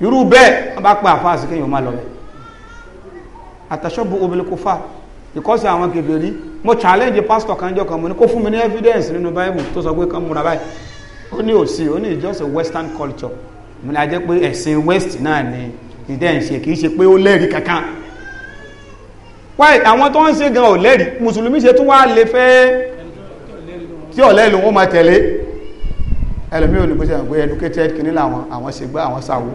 Speaker 1: irú bẹ́ẹ̀ wọ́n bá pa àfáà sí kéèyàn má lọ bẹ́ẹ̀ àtàṣọ́bù obìnrin kò fà ìkọ́sí àwọn kèfèrí mo challenge pastor kanjọ kan mo ní kó fún mi ní evidence nínú bible tó sọ pé kán múra báyìí ó ní òsì ó ní just a western culture mo ní a jẹ́ pé ẹ̀sìn west náà ni ìdẹ́ ń ṣe kì í ṣe pé ó lẹ́rìí kankan wáyé àwọn tó ń ṣe gan ò lẹ́rìí mùsùlùmí ṣe tún wá lè fẹ́ tí ọ̀lẹ́ lòun ó máa tẹ̀lé ẹlòmí olùgbèsè àwọn educated kìnnìlà àwọn àwọn ṣègbè àwọn ṣàwò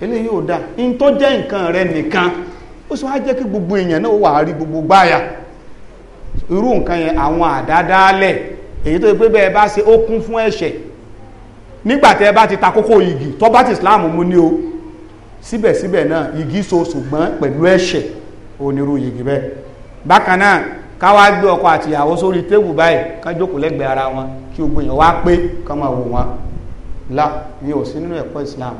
Speaker 1: eléyìí ò dáa in tó jẹ́ nǹkan rẹ nìkan ó sì wá jẹ́ kí gbogbo èèyàn náà wà rí gbogbo gbáyà irú nǹkan yẹn àwọn àdádálẹ̀ èyí tó yẹ pé bẹ́ẹ̀ bá ṣe ó kún fún ẹ̀ṣẹ̀ nígbàtẹ́ bá ti ta kókó igi tó bá ti Islam mú ní o síbẹ̀síbẹ̀ náà igi so ṣùgbọ́n pẹ̀lú ẹ̀ṣẹ̀ onírú igi bẹ́ẹ̀ bákan náà káwá gbé ọkọ àtìyàwó sórí tébù báyìí kán jókòó lẹ́gbẹ̀ẹ́ ara wọn kí gbogbo èèyàn wá pé kán máa wò wọn lá ní ò sí nínú ẹ̀kọ́ Islam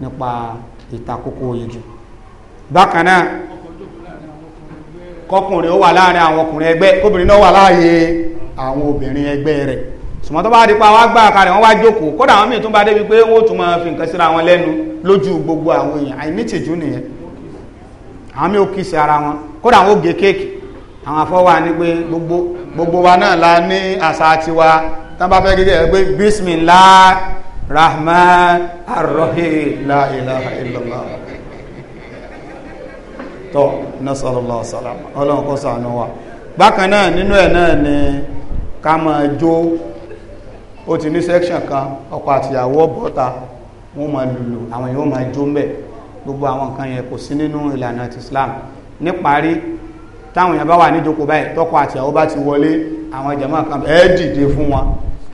Speaker 1: nípa ìtakókó yege bákan náà kọkùnrin ó wà láàrin àwọn ọkùnrin ẹgbẹ́ kóbìnrin náà wà láàyè àwọn obìnrin ẹgbẹ́ rẹ̀ sùmọ́ tó bá di pa wá gbà kalẹ̀ wọ́n wá jókòó kódà àwọn míì tún bá débi pé wọ́n tún máa fi nǹkan síra wọn lẹ́nu lójú gbogbo àwọn èèyàn àìnítìjú nìyẹn àwọn míì ó kì í sí ara wọn kódà àwọn ó gé kéèkì àwọn afọwà ni pé gbogbo wa náà la ní àṣà tiwa tán bá fẹ́ gẹ́gẹ́ pé bísmìlá rahman arrohim la ilaha illallah tọ́ nasalọ́lá salama ọlọ́run kó ṣàánú wa bákan náà nínú ẹ̀ náà ni ká máa jó ó ti ní section kan ọkọ àtìyàwó bọ́ta wọ́n máa lùlù àwọn yóò máa jó mbẹ̀ gbogbo àwọn nǹkan yẹn kò sí nínú ìlànà ti Islam níparí táwọn èèyàn bá wà níjókòó báyìí tọkọ àtìyàwó bá ti wọlé àwọn jàmáà kan ẹ fún wọn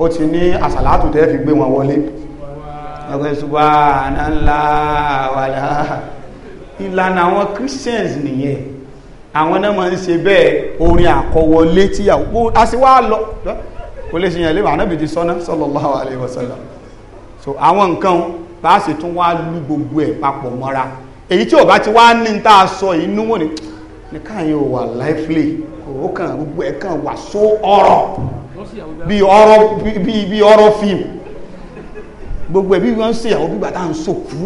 Speaker 1: ó ti ní àsàlátù tẹ́ fi gbé wọn wọlé ọgbẹ́ subahana ńlá wàlá ìlànà àwọn christians nìyẹn àwọn náà máa ń ṣe bẹ́ẹ̀ orin àkọwọlé tíyàwó a sì wá lọ kò lè ṣèyàn léwà anábì ti sọ́nà sallallahu alaihi wasallam so àwọn nǹkan bá sì tún wá lú gbogbo ẹ̀ papọ̀ mọ́ra èyí tí ò bá ti wá ní tá a sọ inú wọn ni káyọ̀ wà lively kò ó kàn gbogbo ẹ̀ kàn wà só ọ̀rọ̀ bí ọ̀rọ̀ bí ọ̀rọ̀ fíìmù gbogbo ẹbí wọn ń ṣèyàwó bí bàtà ń sòkú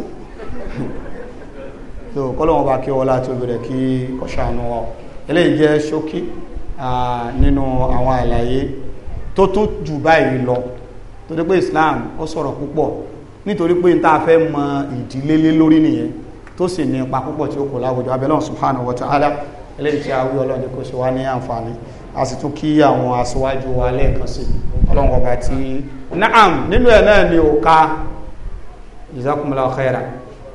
Speaker 1: so kọ́lọ́wọ́n bá kí ọlá tí ó bẹ̀rẹ̀ kí ọ̀ṣàánú wa eléyìí jẹ́ ṣókí nínú àwọn àlàyé tó tó jù báyìí lọ tó dé pé Islam ó sọ̀rọ̀ púpọ̀ nítorí pé níta fẹ́ mọ ìdílé lé lórí nìyẹn tó sì ní ipa púpọ̀ tí ó kò láwùjọ abẹ́lẹ́ subhanahu wa ta'ala eléyìí tí a wí ọlọ́run jẹ́ kó ṣe wá ní àǹfààní a sì tún kí àwọn aṣíwájú wa lẹ́ẹ̀kan sí ọlọ́run ọba tí naam nínú ẹ̀ náà ni òka jazakumullahu khairan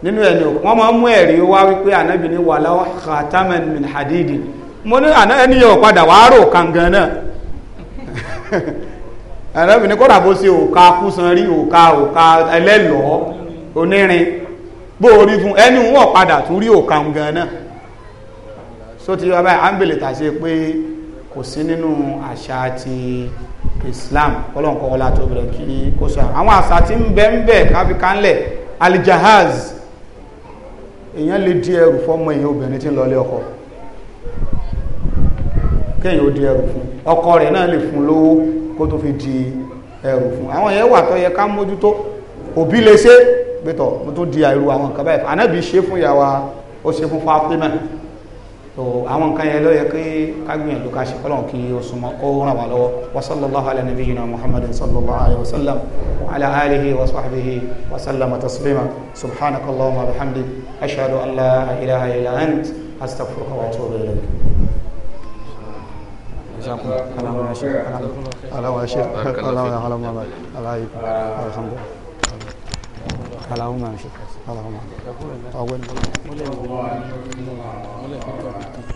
Speaker 1: nínú ẹ̀ ni òka wọ́n máa ń mú ẹ̀rí wá wípé ànábì ní wàlá khataman min hadidi mo ní ẹni yẹn ò padà wàá rò kangan náà ẹ̀rẹ́bìn <laughs> ní kọ́dà bó ṣe òka kúsan rí òka òka ẹlẹ́lọ́ọ́ onírin bó orí fún ẹni wọ́n padà tún rí òka gan náà so ti ọba àmbèlè tà ṣe pé kò sí nínú àṣà ti islam kọlọ́nkọ́ ọlá tó bẹ̀rẹ̀ kí kó sọ àwọn àṣà tí ń bẹ ń bẹ káfíkà alijahaz èèyàn lè di ẹrù fọ́mọ èèyàn obìnrin tí ń lọlé ọkọ kéèyàn ó di ẹrù fún ọkọ rẹ̀ náà lè fún lówó kó tó fi di ẹrù fún àwọn yẹn wà tó yẹ ká mójútó òbí lè ṣe pẹ̀tọ̀ mo tó di àìrù àwọn nǹkan báyìí ànábì ṣe fún ìyàwó ó ṣe fún Fátímà àwọn nǹkan yẹn ló yẹ kí ká gbìyànjú ká ṣe kọ́lọ́n kí o súnmọ́ kó ràn wá lọ́wọ́ wa sallallahu ala nabiyyina muhammadin sallallahu alayhi wa sallam wa ala alihi wa sahbihi wa sallama taslima subhanaka allahumma wa bihamdik ashhadu an la ilaha illa ant astaghfiruka wa atubu ilayk Alhamdulillah. Alhamdulillah. Alhamdulillah. Alhamdulillah. اللهم امشي اللهم اول